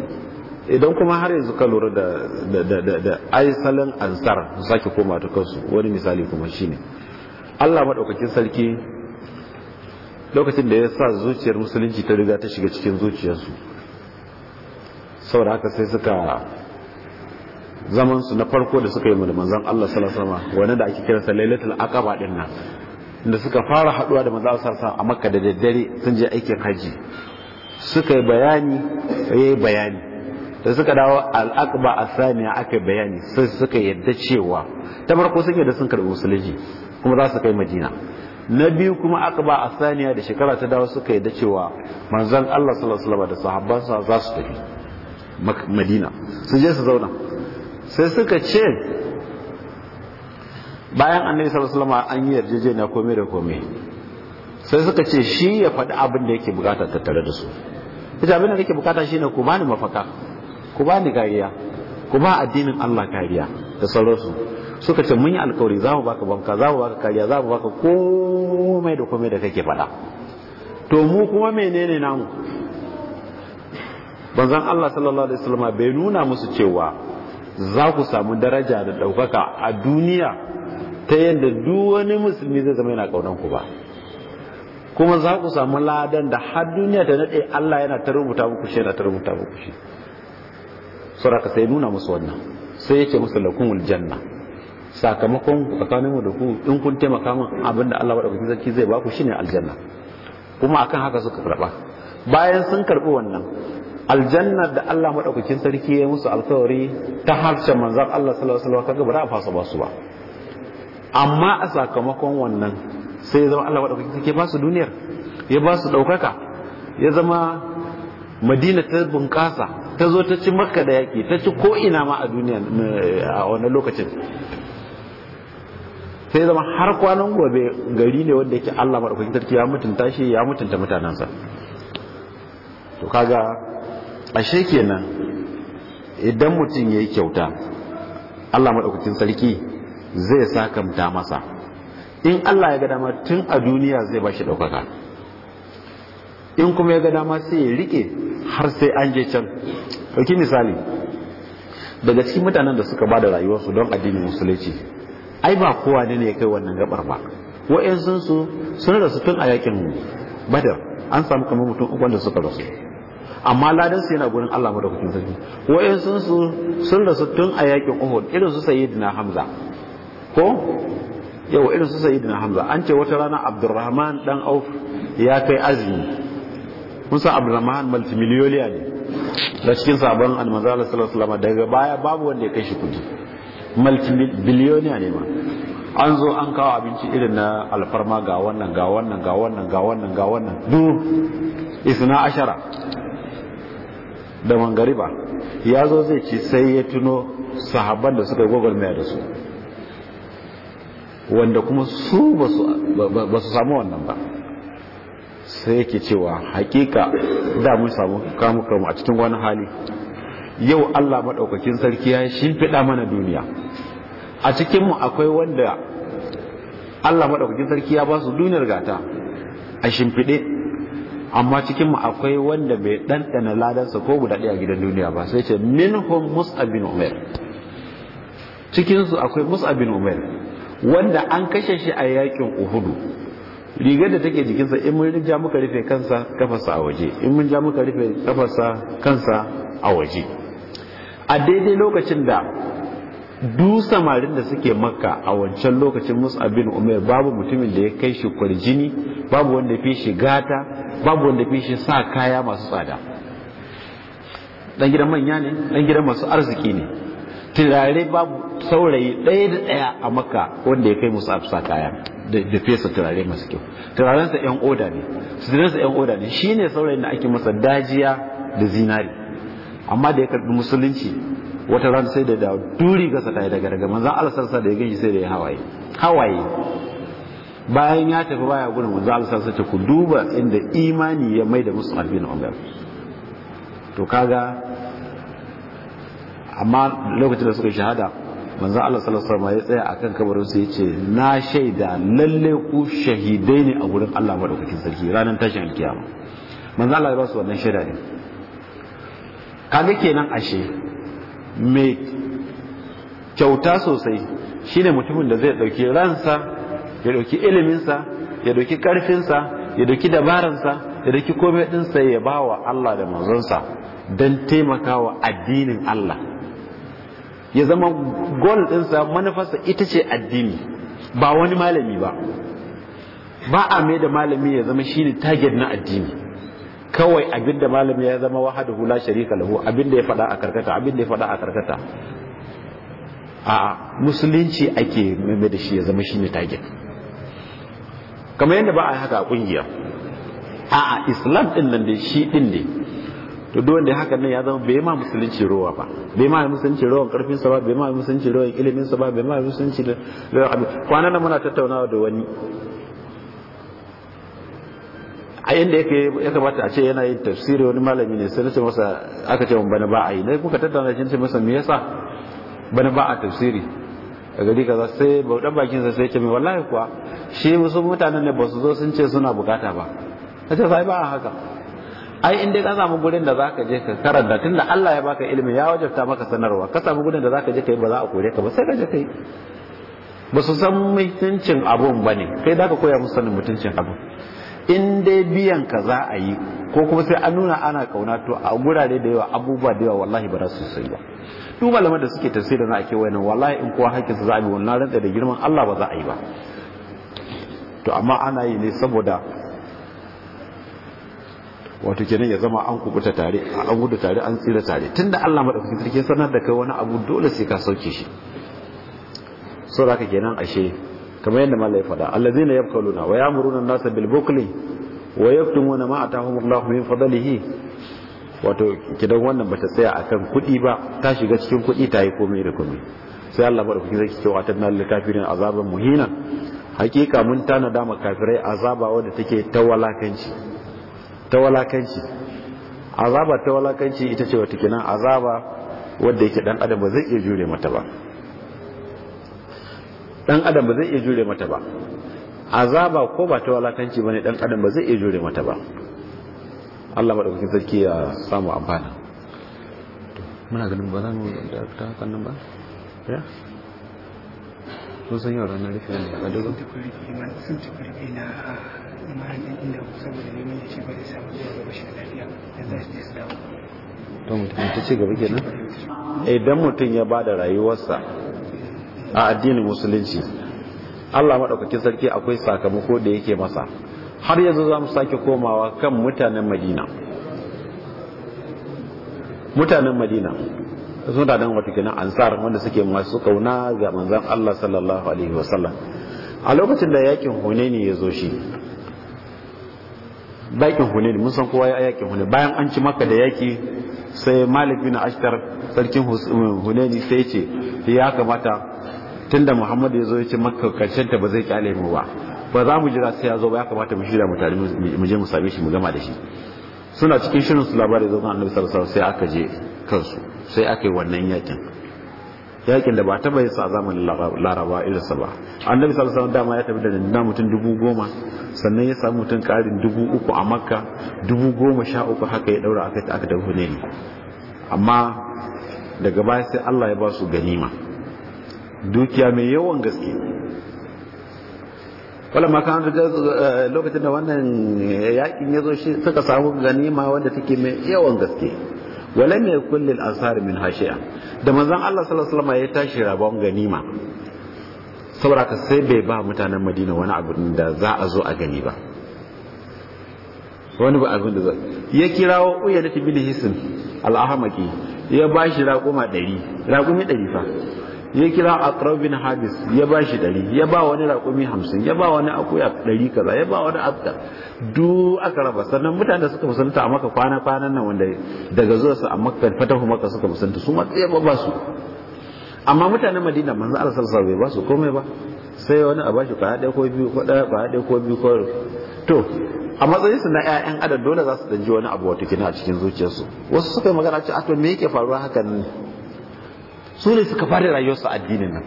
idan kuma har yanzu ka lura da aisalin ansar su sake koma ta kansu wani misali kuma shine allah maɗaukakin sarki lokacin da ya sa zuciyar musulunci ta riga ta shiga cikin zuciyarsu saboda haka sai suka zamansu na farko da suka yi mu da manzon allah salasama wani da ake kiransa lailatul aqaba din nan da suka fara haduwa da manzon allah a makka da daddare sun je aikin haji suka yi bayani yayi bayani da suka dawo a asaniya aka bayani sai suka yadda cewa ta farko sun yadda sun karbi musulunci kuma za su kai madina na biyu kuma aka ba a saniya da shekara ta dawo suka yadda cewa manzon Allah sallallahu alaihi wasallam da sahabbansa za su tafi madina su je su zauna sai suka ce bayan annabi sallallahu alaihi wasallam an yi yarjejeniya komai da komai sai suka ce shi ya faɗi abin da yake bukata tattare da su ita abin da nake bukata shine ku bani mafaka ku bani kariya ku ba addinin Allah kariya da sauransu suka ce mun yi alkawari za mu baka banka za mu baka kariya za mu baka komai da komai da kake faɗa to mu kuma menene namu banzan Allah sallallahu alaihi wasallam bai nuna musu cewa za ku samu daraja da ɗaukaka a duniya ta yadda duk wani musulmi zai zama yana ƙaunar ku ba kuma za ku samu ladan da har duniya ta nade Allah yana ta rubuta muku shi yana ta rubuta muku shi suraka sai nuna musu wannan sai yake musu lakumul janna sakamakon tsakanin mu da ku in kun taimaka min abin da Allah madaukakin sarki zai baku shine aljanna kuma akan haka suka karba bayan sun karbi wannan aljannar da Allah madaukakin sarki ya musu alkawari ta harshen manzon Allah sallallahu alaihi wasallam kaga ba za a fasa ba su ba amma a sakamakon wannan sai ya zama Allah maɗaukaki ke ba su duniyar ya ba su ɗaukaka ya zama madina ta bunƙasa ta zo ta ci makka da yaƙi ta ci ko'ina ma a duniya eh, a wannan lokacin sai zama har kwanan gobe gari ne wanda yake Allah maɗaukakin sarki ya mutunta shi ya mutunta mutanensa to kaga ashe kenan idan mutum ya yi kyauta Allah maɗaukakin sarki zai sakamta masa in Allah ya ga dama tun a duniya zai ba shi ɗaukaka in kuma ya ga dama sai ya rike har sai an je can ɗauki misali daga cikin mutanen da suka ba da rayuwarsu don addinin musulunci ai ba kowa ne ne ya kai wannan gabar ba wa'yansu su sun rasu tun a yakin badar an samu kamar mutum uku wanda suka rasu amma ladan su yana gurin Allah madaukakin sarki wa'yansu su sun rasu tun a yakin Uhud irin su sayyidina Hamza ko yau irin su sayyidina hamza an ce wata rana abdurrahman dan auf ya kai azumi mun san abdurrahman multimiliyoniya ne da cikin sabon almanzala sallallahu daga baya babu wanda ya kai shi kudi multimiliyoniya ne ma an zo an kawo abinci irin na alfarma ga wannan ga wannan ga wannan ga wannan ga wannan du isna ashara da mangariba ya zo zai ci sai ya tuno sahabban da suka yi gwagwarmaya da su wanda kuma su ba su samu wannan ba sai yake cewa hakika da mun samu kamukanmu a cikin wani hali yau Allah maɗaukakin sarki ya shimfiɗa mana duniya a cikinmu akwai wanda Allah maɗaukakin sarki ya ba su duniyar gata a shimfiɗe amma cikinmu akwai wanda bai ɗanɗana ladansa ko guda ɗaya gidan duniya ba sai ce minhum musa bin umar cikinsu akwai musa bin umar wanda an kashe shi a yakin uhudu rigar da take jikinsa in mun ja muka rufe kansa kafarsa a waje in mun ja muka rufe kafarsa kansa a waje a daidai lokacin da du samarin da suke makka a wancan lokacin musu bin umar babu mutumin da ya kai shi kwarjini babu wanda fi shi gata babu wanda fi shi sa kaya masu tsada dan gidan manya ne dan gidan masu arziki ne Tirare babu saurayi ɗaya da ɗaya a maka wanda ya kai musu afsa kaya da fesa turare masu kyau turarensa yan oda ne suturinsa yan oda ne shi ne saurayin da ake masa dajiya da zinari amma da ya karɓi musulunci wata ran sai da duri ga sakaya yi daga daga manzan alasarsa da ya ganshi sai da ya hawaye hawaye bayan ya tafi baya gudun manzan alasarsa ta ku duba inda imani ya mai da musu albin umar to kaga amma lokacin da suka shahada manzon Allah sallallahu alaihi wasallam ya tsaya akan kabarin sa yace na shaida lalle ku shahidai ne a gurin Allah madaukakin sarki ranar tashin alkiyama manzon Allah ya ba su wannan shaida ne kaga kenan ashe Me kyauta sosai shine mutumin da zai dauki ransa ya dauki iliminsa ya dauki karfinsa ya dauki dabaransa ya dauki komai ɗinsa, ya bawa Allah da manzonsa dan taimakawa addinin Allah ya zama goal ɗinsa manufarsa ita ce addini ba wani malami ba ba a mai da malami ya zama shine target na addini kawai abin da malami ya zama wahada hula sharika lahu abin da ya faɗa a karkata abin da ya faɗa a karkata a musulunci ake mai da shi ya zama shine target kamar yadda ba a haka a ƙungiya a a islam ɗin nan da shi ɗin ne to duk wanda haka nan ya zama bai ma musulunci rowa ba bai ma musulunci rowan karfin sa ba bai ma musulunci rowan ilimin sa ba bai ma musulunci kwanan nan muna tattaunawa da wani a inda yake ya kamata a ce yana yin tafsiri wani malami ne sai ce masa aka ce mun bana ba a yi dai kuka tattauna shi ce masa me yasa bana ba a tafsiri a gari kaza sai bauɗan bakin sa sai ce mai wallahi kuwa shi musu mutanen ne ba su zo sun ce suna bukata ba ce sai ba haka ai in dai ka samu gurin da zaka je ka karanta tunda Allah ya baka ilimi ya wajabta maka sanarwa ka samu gurin da zaka je kai ba za a kore ka ba sai ka je kai ba su san mutuncin abun ba ne kai da ka koya musu sanin mutuncin abun in dai biyan ka za a yi ko kuma sai an nuna ana kauna to a gurare da yawa abubuwa da yawa wallahi ba za su sai ba duk malaman da suke tafsirin a kewaye nan wallahi in kowa hakkinsa za a bi wannan rantsa da girman Allah ba za a yi ba to amma ana yi ne saboda wato kenan ya zama an kubuta tare an gudu tare an tsira tare tunda Allah madaukakin sarki sanar da kai wani abu dole sai ka sauke shi so haka kenan ashe kamar yadda malai fada allazina yabkaluna wa ya'muruna an-nasa bil bukli wa yaktumuna ma atahum Allah min fadlihi wato kidan wannan bata tsaya akan kuɗi ba ta shiga cikin kuɗi ta yi komai da komai sai Allah madaukakin sarki cewa tanna lil kafirin azaban muhina hakika mun tana da makafirai azaba wadda take ta walakanci ta walakanci azaba ta walakanci ita ce wata kinan azaba wadda yake dan adam ba zai iya jure mata ba dan adam ba zai iya jure mata ba azaba ko ba ta walakanci bane dan adam ba zai iya jure mata ba Allah madaukakin sarki ya samu amfana muna ganin ba za mu da ta kannan ba ya sun san yau ranar rufe ne a dogon sun tafi na to mutum ta ci gaba kenan idan mutum ya bada rayuwarsa a addinin musulunci Allah maɗaukakin sarki akwai sakamako da yake masa har yanzu za mu sake komawa kan mutanen Madina mutanen Madina suna nan wata kenan ansar wanda suke masu kauna ga manzan Allah sallallahu alaihi wasallam a lokacin da yakin Hunaini ya zo shi bakin hunain mun san kowa ya yakin hune bayan an ci maka da yaki sai malik bin ashtar sarkin um, ne sai ce ya kamata tunda muhammad ya zo ya ce maka karshen ta ba zai kyale mu ba ba za mu jira sai ya zo ba ya kamata mu shirya mu tare mu je mu same shi mu gama da shi suna cikin shirin su labari zo annabi sallallahu alaihi wasallam sai aka je kansu sai aka yi wannan yakin yakin da ba taba yi sa zamanin laraba irinsa ba annabi sallallahu alaihi dama ya tafi da na mutum dubu goma sannan ya samu mutum karin dubu uku a makka dubu goma sha uku haka ya daura aka aka hune ne amma daga baya sai Allah ya ba su ganima dukiya mai yawan gaske wala ma kan eh, lokacin da wannan yakin ya zo shi suka samu ganima wanda take mai yawan gaske walam yakul lil ansar min hashiya da manzon Allah sallallahu alaihi wasallam ya tashi rabon ganima saboda ka sai bai ba mutanen Madina wani abu da za a zo a gani ba wani ba abin da za ya kirawo uyanati bil hisn al-ahmaqi ya bashi raƙuma 100 raƙumi 100 fa ya kira aqrab bin habis ya ba shi ɗari ya ba wani raƙumi hamsin ya ba wani akuya ɗari kaza ya ba wani abda duk aka raba sannan mutane suka musanta a maka kwana kwanan nan wanda daga zuwa su a makka fatahu maka suka musanta su ma tsaye ba su amma mutanen madina manzo Allah sallallahu alaihi wasallam ba su komai ba sai wani a bashi kwaya ɗaya ko biyu ko ɗaya kwaya ɗaya ko biyu ko to a matsayin su na ƴaƴan adam dole za su danji wani abu wata kina a cikin zuciyarsu wasu suka yi magana ce to me yake faruwa hakan su ne suka fara rayuwarsu addinin nan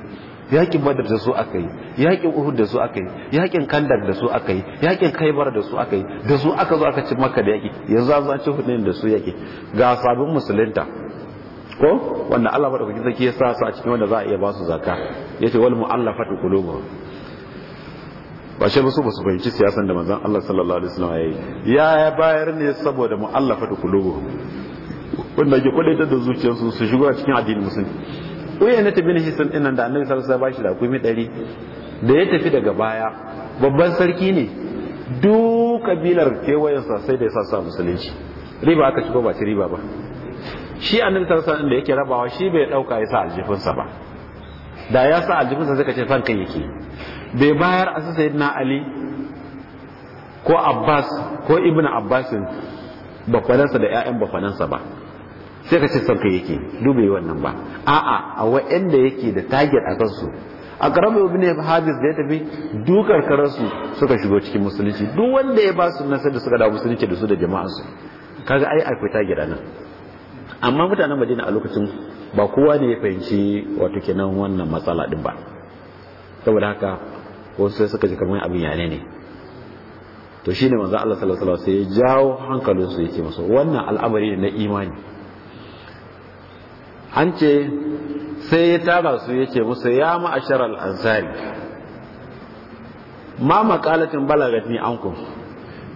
Yaƙin badar da su aka yi Yaƙin uhud da su aka yi Yaƙin kandar da su aka yi Yaƙin kaibar da su aka yi da su aka zo aka ci maka da yaƙi yanzu an ci hudunin da su yaƙi ga sabon musulunta ko wanda Allah madaukakin zaki ya sa su a cikin wanda za a iya ba su zakka yace wal fatu qulubuhum ba shi ba su ba su fahimci siyasan da manzan Allah sallallahu alaihi wasallam ya yi ya bayar ne saboda fatu qulubuhum wanda ke kudaitar da zuciyarsu su shigo a cikin addinin musulmi uya na tabi na sun ɗin da annabi sallallahu ba shi da kumi ɗari da ya tafi daga baya babban sarki ne duk kabilar kewayensa sai da ya sa musulunci riba aka ci ba ci riba ba shi annabi sallallahu inda yake rabawa shi bai ɗauka ya sa aljifinsa ba da ya sa aljifinsa sai ka ce fanka yake bai bayar a sassa na ali ko abbas ko Ibn abbasin bakwanansa da 'ya'yan bakwanansa ba sai ka ce son kai yake dube wannan ba a'a a wa'anda yake da target a kansu a karamin ibn habis da ya tafi dukar karansu suka shigo cikin musulunci duk wanda ya ba su nasar da suka dawo musulunci da su da jama'ansu kaga ai akwai target anan amma mutanen madina a lokacin ba kowa ne ya fahimci wato kenan wannan matsala din ba saboda haka wasu sai suka ji kamar abin yane ne to shine manzo Allah sallallahu alaihi wasallam sai ya jawo hankalin su yake masa wannan al'amari na imani an ce sai ya tara su yake musu ya ma'ashar al-ansari ma maqalatin balagatni ankum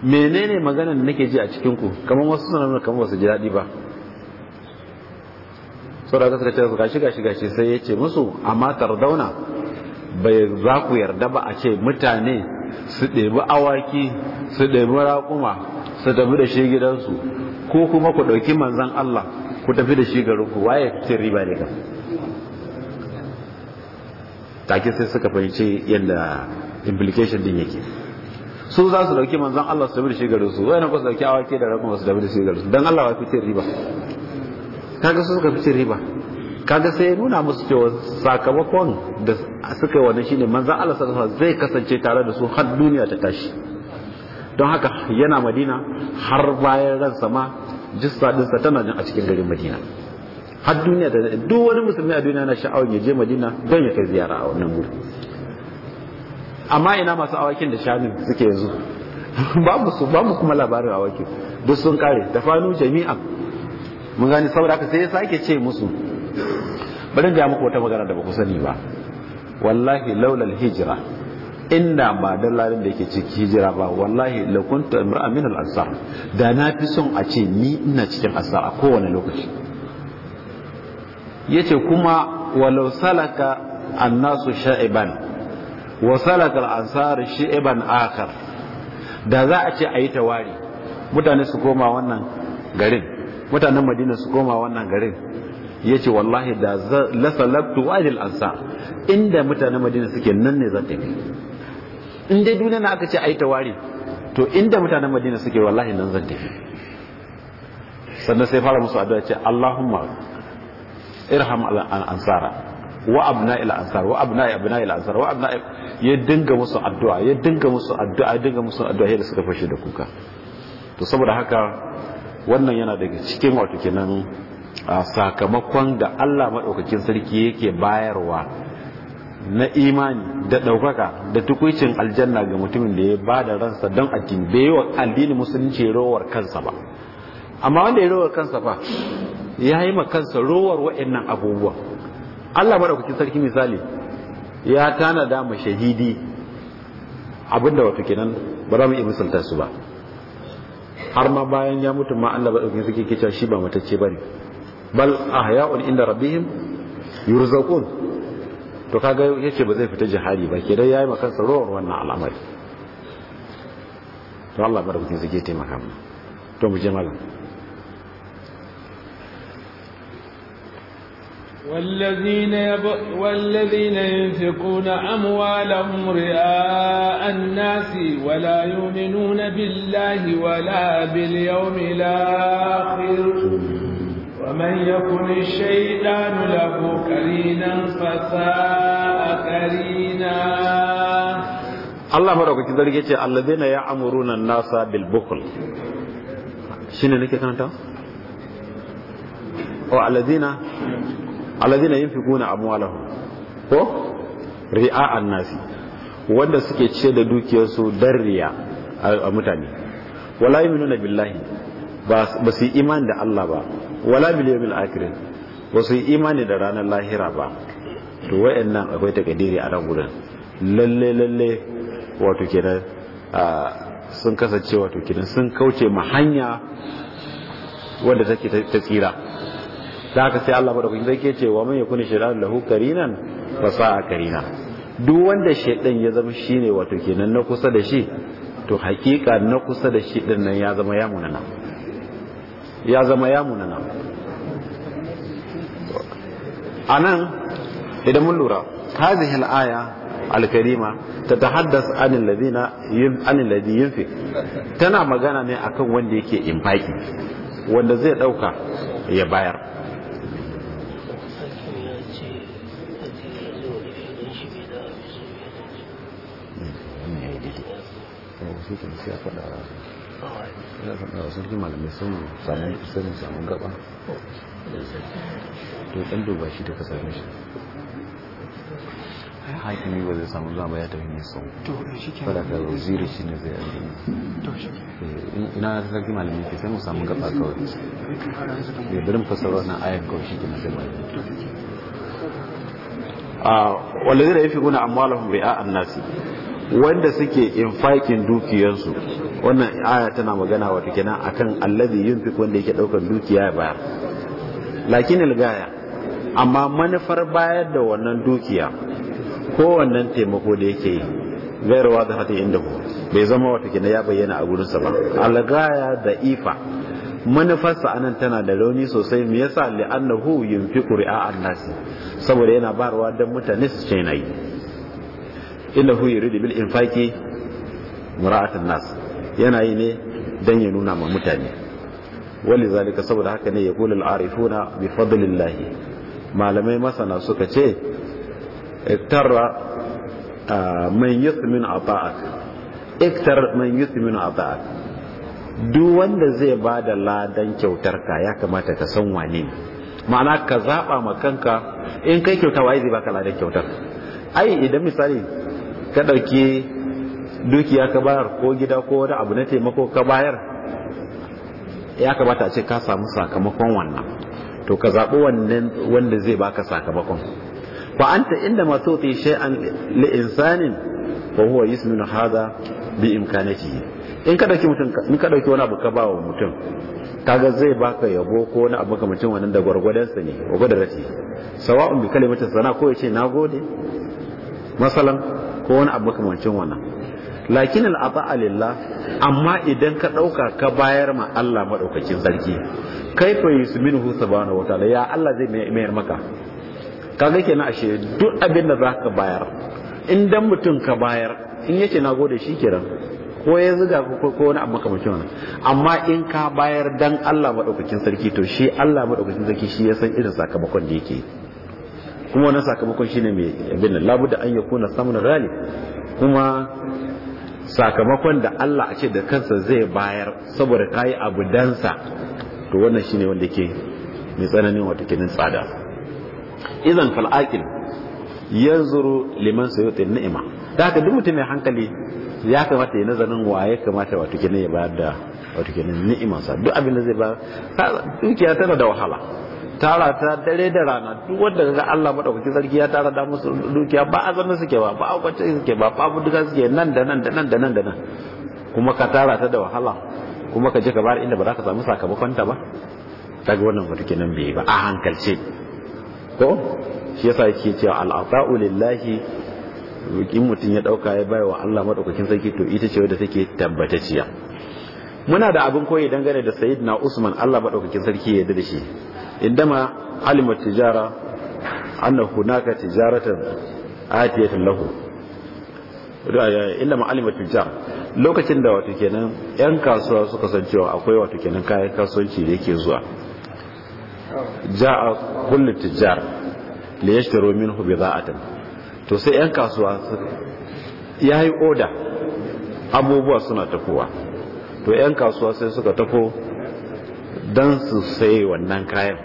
menene maganar da nake ji a cikin ku kamar wasu suna nuna kamar wasu ji daɗi ba saboda ka sarki su gashi gashi gashi sai ya ce musu amma tardauna bai za ku yarda ba a ce mutane su ɗebi awaki su ɗebi raƙuma su tafi da shi gidansu ko kuma ku ɗauki manzan Allah ku tafi da shi garin ku waye cin riba ne kan take sai suka fahimci yadda implication din yake su za su ɗauki manzan Allah su tafi da shi garin su na ku su ɗauki awaki da raƙuma su tafi da shi garin su Allah wa fi cin riba kaga su suka fi cin riba kaga sai ya nuna musu cewa sakamakon da suka yi wannan shine manzon Allah sallallahu alaihi zai kasance tare da su har duniya ta tashi don haka yana Madina har bayan ransa ma jissa dinsa tana jin a cikin garin Madina har duniya da duk wani musulmi a duniya na sha'awar ya je Madina don ya kai ziyara a wannan wuri amma ina masu awakin da shanu suke yanzu babu su babu kuma labarin awakin duk sun kare da fanu jami'a mun gani saboda haka sai ya sake ce musu bari ga muku wata magana da ba ku sani ba wallahi laulal hijira inda ba dan da yake ciki hijira ba wallahi laukunta imra'a min da na fi son a ce ni ina cikin ansar a kowane lokaci yace kuma walau salaka annasu sha'iban wa salaka al ansar sha'iban akar da za a ce a ayi tawari mutane su koma wannan garin mutanen madina su koma wannan garin ce wallahi da lasalabtu salaktu wajil ansa inda mutanen madina suke nan ne zan tafi in dai duniya na aka ce ai tawari to inda mutanen madina suke wallahi nan zan tafi sannan sai fara musu addu'a ce Allahumma irham al-ansara wa abna ila ansar wa abna abna ila ansar wa abna ya dinga musu addu'a ya dinga musu addu'a ya dinga musu addu'a yadda suka fashe da kuka to saboda haka wannan yana daga cikin wato kenan A sakamakon da Allah maɗaukakin sarki yake bayarwa na imani da ɗaukaka da tukwicin aljanna ga mutumin da ya ba da ransa don addini bai wa addini musulunci rowar kansa ba amma wanda ya rowar kansa ba ya yi ma kansa rowar wa'annan abubuwa Allah maɗaukakin sarki misali ya tanada ma shahidi abinda wato kenan ba za mu iya misalta su ba har ma bayan ya mutu ma Allah maɗaukakin sarki ke shi ba matacce ba ne bal ahya'un inda rabbihim yurzaqun to kaga yace ba zai fita jihadi ba kidan yayi maka sarowar wannan al'amari to Allah barkatin zai taimaka mu to mu je malam والذين يب... والذين ينفقون أموالهم رئاء الناس ولا يؤمنون بالله ولا باليوم الآخر ومن يكن الشيطان له قرينا فساء قرينا الله madaukaki كنت ذلك الذين ya الناس nasa bil bukhl كانت nake karanta الذين ينفقون أموالهم هو رياء ko wanda suke ce da dukiyarsu dan riya a mutane wala nuna billahi ba su imani da Allah ba wala bil akirin ba su yi imani da ranar lahira ba to nan akwai takadiri a nan gurin lalle lalle wato kenan sun kasance wato kenan sun kauce ma hanya wanda take ta tsira da haka sai Allah madaukakin zai ke ce wa man kuna shaytan lahu karinan fa sa'a karina duk wanda shaytan ya zama shine wato kenan na kusa da shi to hakika na kusa da shi din nan ya zama ya munana ya zama ya munana a nan idan mun lura هذه الآية alkarima ta عن الذين عن الذي fi tana magana ne akan wanda yake infaki wanda zai dauka ya bayar Thank you. ina sarki malamai sun samu sirrin samu gaba to ɗan duba shi da shi zai samu ya tafi mai sau fara ka shi ne zai eh, ina da sarki ke sai mu samu gaba kawai ya fasarwa na ayan kawai shi ke na wanda zai da yafi guna annasi wanda suke infakin dukiyansu wannan aya tana magana wato kenan akan allazi yunfiq wanda yake daukar dukiya bayar lakin algaya amma manufar bayar da wannan dukiya ko wannan taimako da yake yi gairawa da ta inda ku bai zama wata kenan ya bayyana a gurinsa ba algaya da ifa manufarsa anan tana da rauni sosai me yasa li'annahu yunfiqu ri'a nasi saboda yana barwa dan mutane su ce nayi innahu yuridu bil infaqi mura'atan nas yana yi ne don ya nuna ma mutane wani zalika saboda haka ne ya kula arifuna. bi malamai masana suka ce iktara man yuthmin ata'ak iktar man yuthmin duk wanda zai ba da ladan kyautarka ya kamata ka san wane ma'ana ka zaɓa ma kanka in kai kyauta waye zai baka ladan kyautar ai idan misali ka ɗauki dukiya ka bayar ko gida ko wani abu na taimako ka bayar ya kamata a ce ka samu sakamakon wannan to ka zaɓi wannan wanda zai baka sakamakon fa anta inda ma tuti shay'an li insanin fa huwa yusminu hadha bi imkanatihi in ka dauki mutum in ka dauki wani abu ka bawa mutum kaga zai baka yabo ko wani abu ka mutum wannan da gwargwadon sa ne rati sawa'un bi kalimatin sana ko yace nagode masalan ko wani abu makamancin wannan lakin al'ata alillah amma idan ka ɗauka ka bayar ma Allah maɗaukacin sarki kai fa yusu minhu subhanahu wataala ya Allah zai mayar maka kaga kenan ashe duk abin da zaka bayar in dan mutum ka bayar in yace na gode shi kiran ko ya zuga ko wani abu makamancin wannan amma in ka bayar dan Allah maɗaukacin sarki to shi Allah maɗaukacin sarki shi ya san irin sakamakon da yake kuma wannan sakamakon shine mai abin labu da an yakuna samun rali kuma sakamakon da Allah a ce da kansa zai bayar saboda ta yi abu dansa to wannan shine wanda ke mai tsananin wata kinin tsada idan ya yanzuru liman sayuti ni'ima da haka duk mutum mai hankali ya kamata ya nazarin ya kamata wato kinin ya bayar da watakilin kinin ni'imansa duk abin da zai bayar, dukiya tana da wahala tara ta dare da rana duk wanda ga Allah madaukakin sarki ya tara da musu dukiya ba azan suke ba ba kwace suke ba ba duka suke nan da nan da nan da nan da nan kuma ka tara ta da wahala kuma ka je ka bar inda ba za ka samu sakamakon ta ba daga wannan mutu kenan bai ba a hankalce To shi yasa yake cewa al'ata'u lillahi in mutum ya dauka ya bai wa Allah madaukakin sarki to ita ce wadda take tabbataciya. muna da abin koyi dangane da sayyidina Usman Allah madaukakin sarki ya yarda da shi indama alima tijara anna hunaka tijaratan atiyatan lahu illa ma'alima tijjar lokacin da wato kenan yan kasuwa suka san cewa akwai wato kenan kayan kasuwanci da yake zuwa ja'a kullu tijjar li yashtaru minhu bidha'atan to sai yan kasuwa yayi order abubuwa suna tafowa to yan kasuwa sai suka tafo don su saye wannan kayan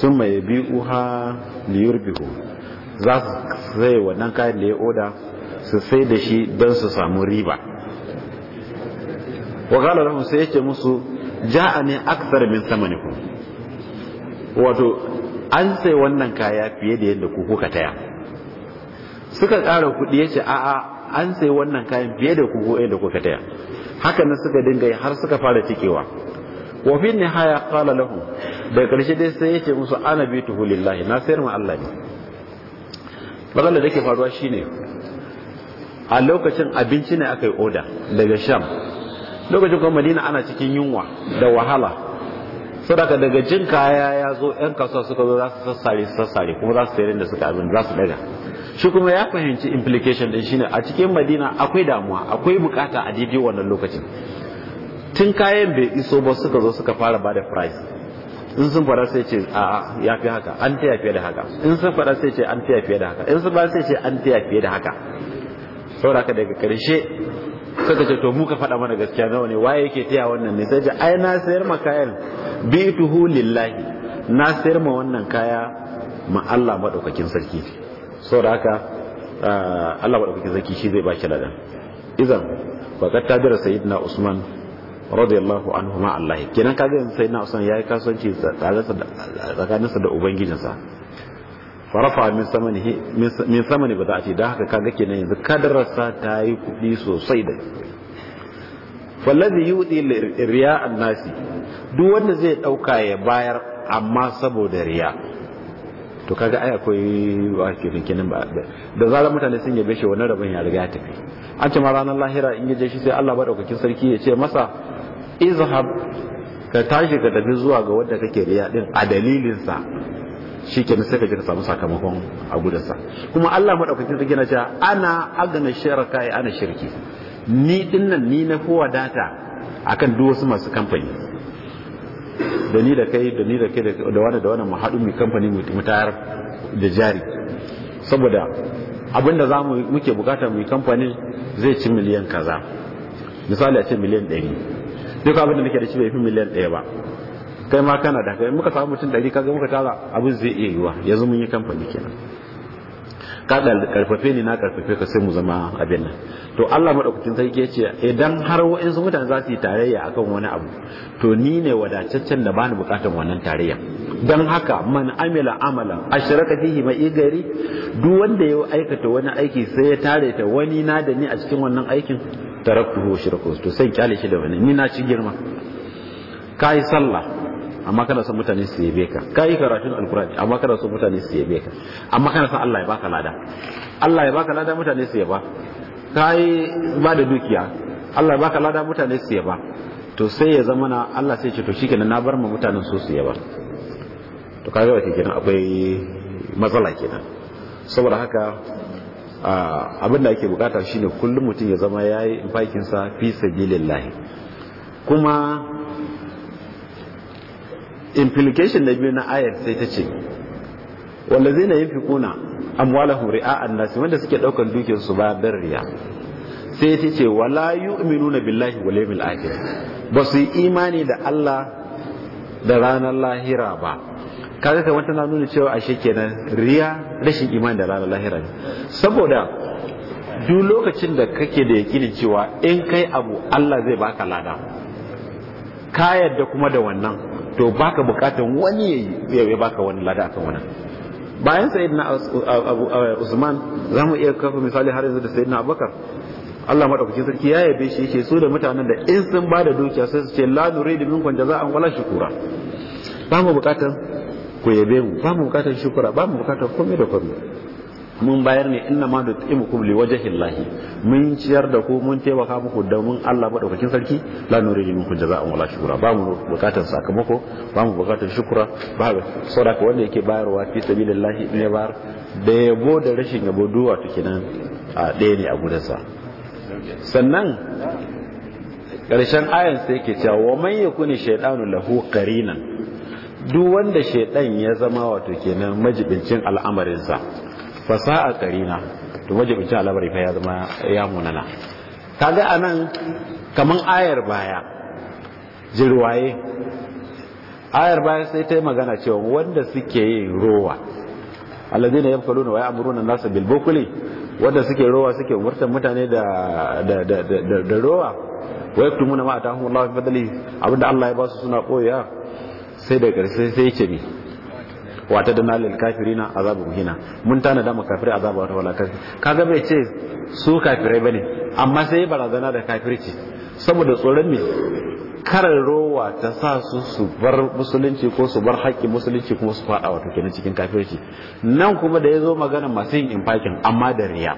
sun mai bi uha liyar ku za su saye wannan kayan da ya oda su sai da shi don su samu riba wakalar rahun sai yake musu a ne aksar min ku. wato an sai wannan kaya fiye da yadda ku kuka taya suka ƙara kuɗi ya ce a'a an sai wannan kayan fiye da kuku yadda kuka taya haka nan suka dinga har suka fara cikewa wa fi nihaya qala lahu daga karshe dai sai yace musu ana bituhu lillahi na sayar ma Allah ne magana da ke faruwa shine a lokacin abinci ne aka yi oda daga sham lokacin kuma madina ana cikin yunwa da wahala sadaka daga jin kaya ya zo yan kasuwa suka zo za su sassare su sassare kuma za su sayar da suka abin za su daga shi kuma ya fahimci implication din shine a cikin madina akwai damuwa akwai bukata a daidai wannan lokacin tun kayan bai iso ba suka zo suka fara ba da price in sun fara sai ce a ya fi haka an taya fiye da haka in sun fara sai ce an taya fiye da haka in sun fara sai ce an taya fiye da haka saboda haka daga karshe suka ce to mu ka faɗa mana gaskiya nawa ne waye yake taya wannan ne sai ce ai na sayar ma kayan bituhu lillahi na sayar ma wannan kaya ma Allah madaukakin sarki saboda haka ah, Allah madaukakin sarki shi zai baki ladan idan faqad tabira sayyidina Usman radiyallahu anhu ma Allah kenan kaga yanzu sai na Usman yayi kasuwanci tsakaninsa da ubangijinsa farafa min samani min samani ba za a ce da haka kaga kenan yanzu kadarsa ta yi kuɗi sosai da fallazi yudi riya annasi duk wanda zai dauka ya bayar amma saboda riya to kaga ai akwai wakilin kenan ba da zara mutane sun yabe shi wannan rabin ya riga ta tafi an ce ma ranar lahira in ya je shi sai Allah madaukakin sarki ya ce masa izhab ka tashi ka tafi zuwa ga wanda kake riya din a dalilinsa shi ke sai ka je ka samu sakamakon a gudansa kuma Allah madaukakin sarki na cewa ana agana shirka ai ana shirki ni dinnan ni na fi wadata akan duk wasu masu kamfani da ni da kai da ni da kai da wani da wani mu haɗu mu kamfani mu tayar da jari saboda abinda za muke bukata mu kamfani zai ci miliyan kaza misali a ce miliyan ɗari duk abin da nake da shi bai fi miliyan ɗaya ba kai ma kana da kai muka samu mutum ɗari kaga muka tara abin zai iya yiwa yanzu mun yi kamfani kenan ka karfafe ni na karfafe ka sai mu zama abin nan to Allah madaukakin sarki ya ce idan har wa'ansu mutane za su yi tarayya akan wani abu to ni ne wadataccen da bani bukatan wannan tarayya dan haka man amila amalan ashraka fihi ma igari duk wanda ya aikata wani aiki sai ya tare ta wani na da ni a cikin wannan aikin taraktuhu wa shirku to sai kyale shi da wani ni na ci girma kai sallah amma kana son mutane su yabe ka kai karatun Alqurani amma kana son mutane su yabe ka amma kana son Allah ya baka lada Allah ya baka lada mutane su yaba kai ba da dukiya Allah ya baka lada mutane su yaba to sai ya zama na Allah sai ce to shikenan na bar ma mutanen su su yaba to kaga wace kenan akwai matsala kenan saboda haka abinda ake bukata shine kullum mutum ya zama ya yi fakinsa fi lahi. kuma implication na biyu na ayar sai ta ce wanda zai na yunfiquna amwalahum ri'a'an nasi wanda suke daukan dukiyar su ba dan riya sai ta ce wala na billahi wa yawmil akhir ba su yi imani da Allah da ranar lahira ba kaga kamar tana nuna cewa ashe kenan riya rashin imani da lalata lahira ne saboda duk lokacin da kake da yakinin cewa in kai abu Allah zai baka lada ka yadda kuma da wannan to baka bukatan wani ya yi baka wani lada akan wannan bayan sayyidina Usman zamu iya kafa misali har yanzu da sayyidina Abubakar Allah madaukakin sarki ya yabe shi yake so da mutanen da in sun bada dukiya sai su ce la nuridu minkum jaza'an wala shukura ba mu bukatan ku yabe mu ba mu bukatar shukura ba mu bukatar komai da komai mun bayar ne inna ma da tsimu kubli wajhillahi mun ciyar da ku mun taimaka muku da mun Allah daukakin sarki la nuridu minkum jaza'an wala shukura ba mu bukatar sakamako ba mu bukatar shukura ba saboda wanda yake bayarwa fi sabilillahi ne bar da yabo da rashin yabo duwa to kenan a ɗaya ne a gudansa sannan ƙarshen ayan sai ke cewa wa man yakuni shaytanu lahu qarinan duk wanda shaidan ya zama wato kenan majibincin al'amarinsa fasaha karina to majibincin al'amari fa ya zama ya munana kaga anan kaman ayar baya jirwaye ayar baya sai ta yi magana cewa wanda suke yin rowa alladhina yabkuluna wa ya'muruna an-nasa bil bukli wanda suke rowa suke umurtar mutane da da da da rowa wa yaktumuna ma atahum Allah fi fadli abinda Allah ya ba su suna koya sai da ƙarshe sai yake ne wata da nalil kafirina azabu muhina mun tana da makafiri azabu wata wala kafiri kaga bai ce su kafirai bane amma sai yi barazana da kafirci saboda tsoron ne karar rowa ta sa su su bar musulunci ko su bar haƙƙin musulunci kuma su faɗa wata kenan cikin kafirci nan kuma da ya zo magana masu yin infakin amma da riya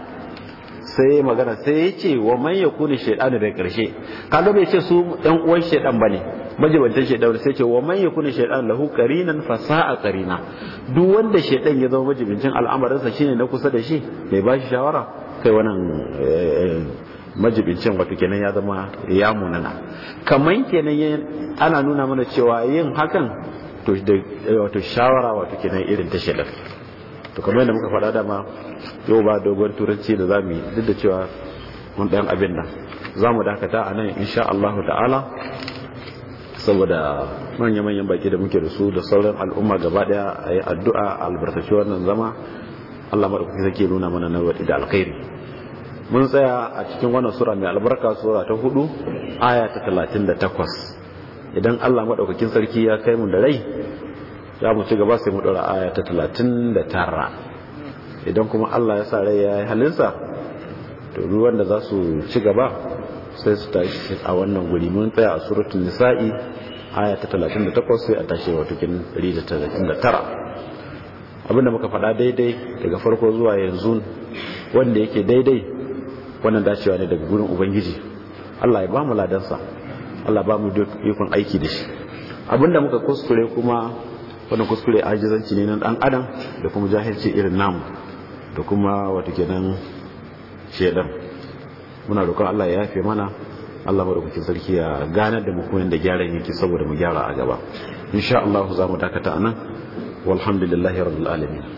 sai magana sai ya ce wa man Kuni shaidanu bai karshe kaga bai ce su ɗan uwan shaidan bane majibantan shaidan sai ce wa man kuni shaytanu lahu qarinan fa sa'a qarina duk wanda shaidan ya zama majibincin al'amarinsa shine na kusa da shi bai ba shi shawara kai wannan eh, majibincin wato kenan ya zama ya munana kaman kenan ana nuna mana cewa yin hakan to shawara wato kenan irin ta shaidan to kamar yadda muka faɗa dama yau ba dogon turanci da za mu duk da cewa mun ɗan abin nan za mu dakata a nan insha Allah ta'ala saboda manya-manyan baki da muke da su da sauran al'umma gaba daya a yi addu'a albarkaci wannan zama Allah maɗaukaki zake nuna mana na waɗi da alkhairi mun tsaya a cikin wannan sura mai albarka sura ta hudu aya ta talatin da takwas idan allah maɗaukakin sarki ya kai mu da rai za mu ci gaba sai mu ɗora aya ta talatin da tara idan kuma allah ya sa rai ya yi halinsa to ruwan da za su ci gaba sai su tashi a wannan guri mun tsaya a suratun nisa'i aya ta talatin da takwas sai a tashi wa tukin ɗari da talatin da tara abinda muka faɗa daidai daga farko zuwa yanzu wanda yake daidai wannan dacewa ne daga gurin ubangiji allah ya ba mu ladansa allah ba mu duk ikon aiki da shi abinda muka kuskure kuma wannan kuskure ajizanci ne na dan adam da kuma jahilci irin namu da kuma wata kenan shedan muna roƙon Allah ya yafe mana Allah madaukakin sarki ya gane da mu da gyaran yake saboda mu gyara a gaba insha Allah za mu dakata anan walhamdulillahi rabbil alamin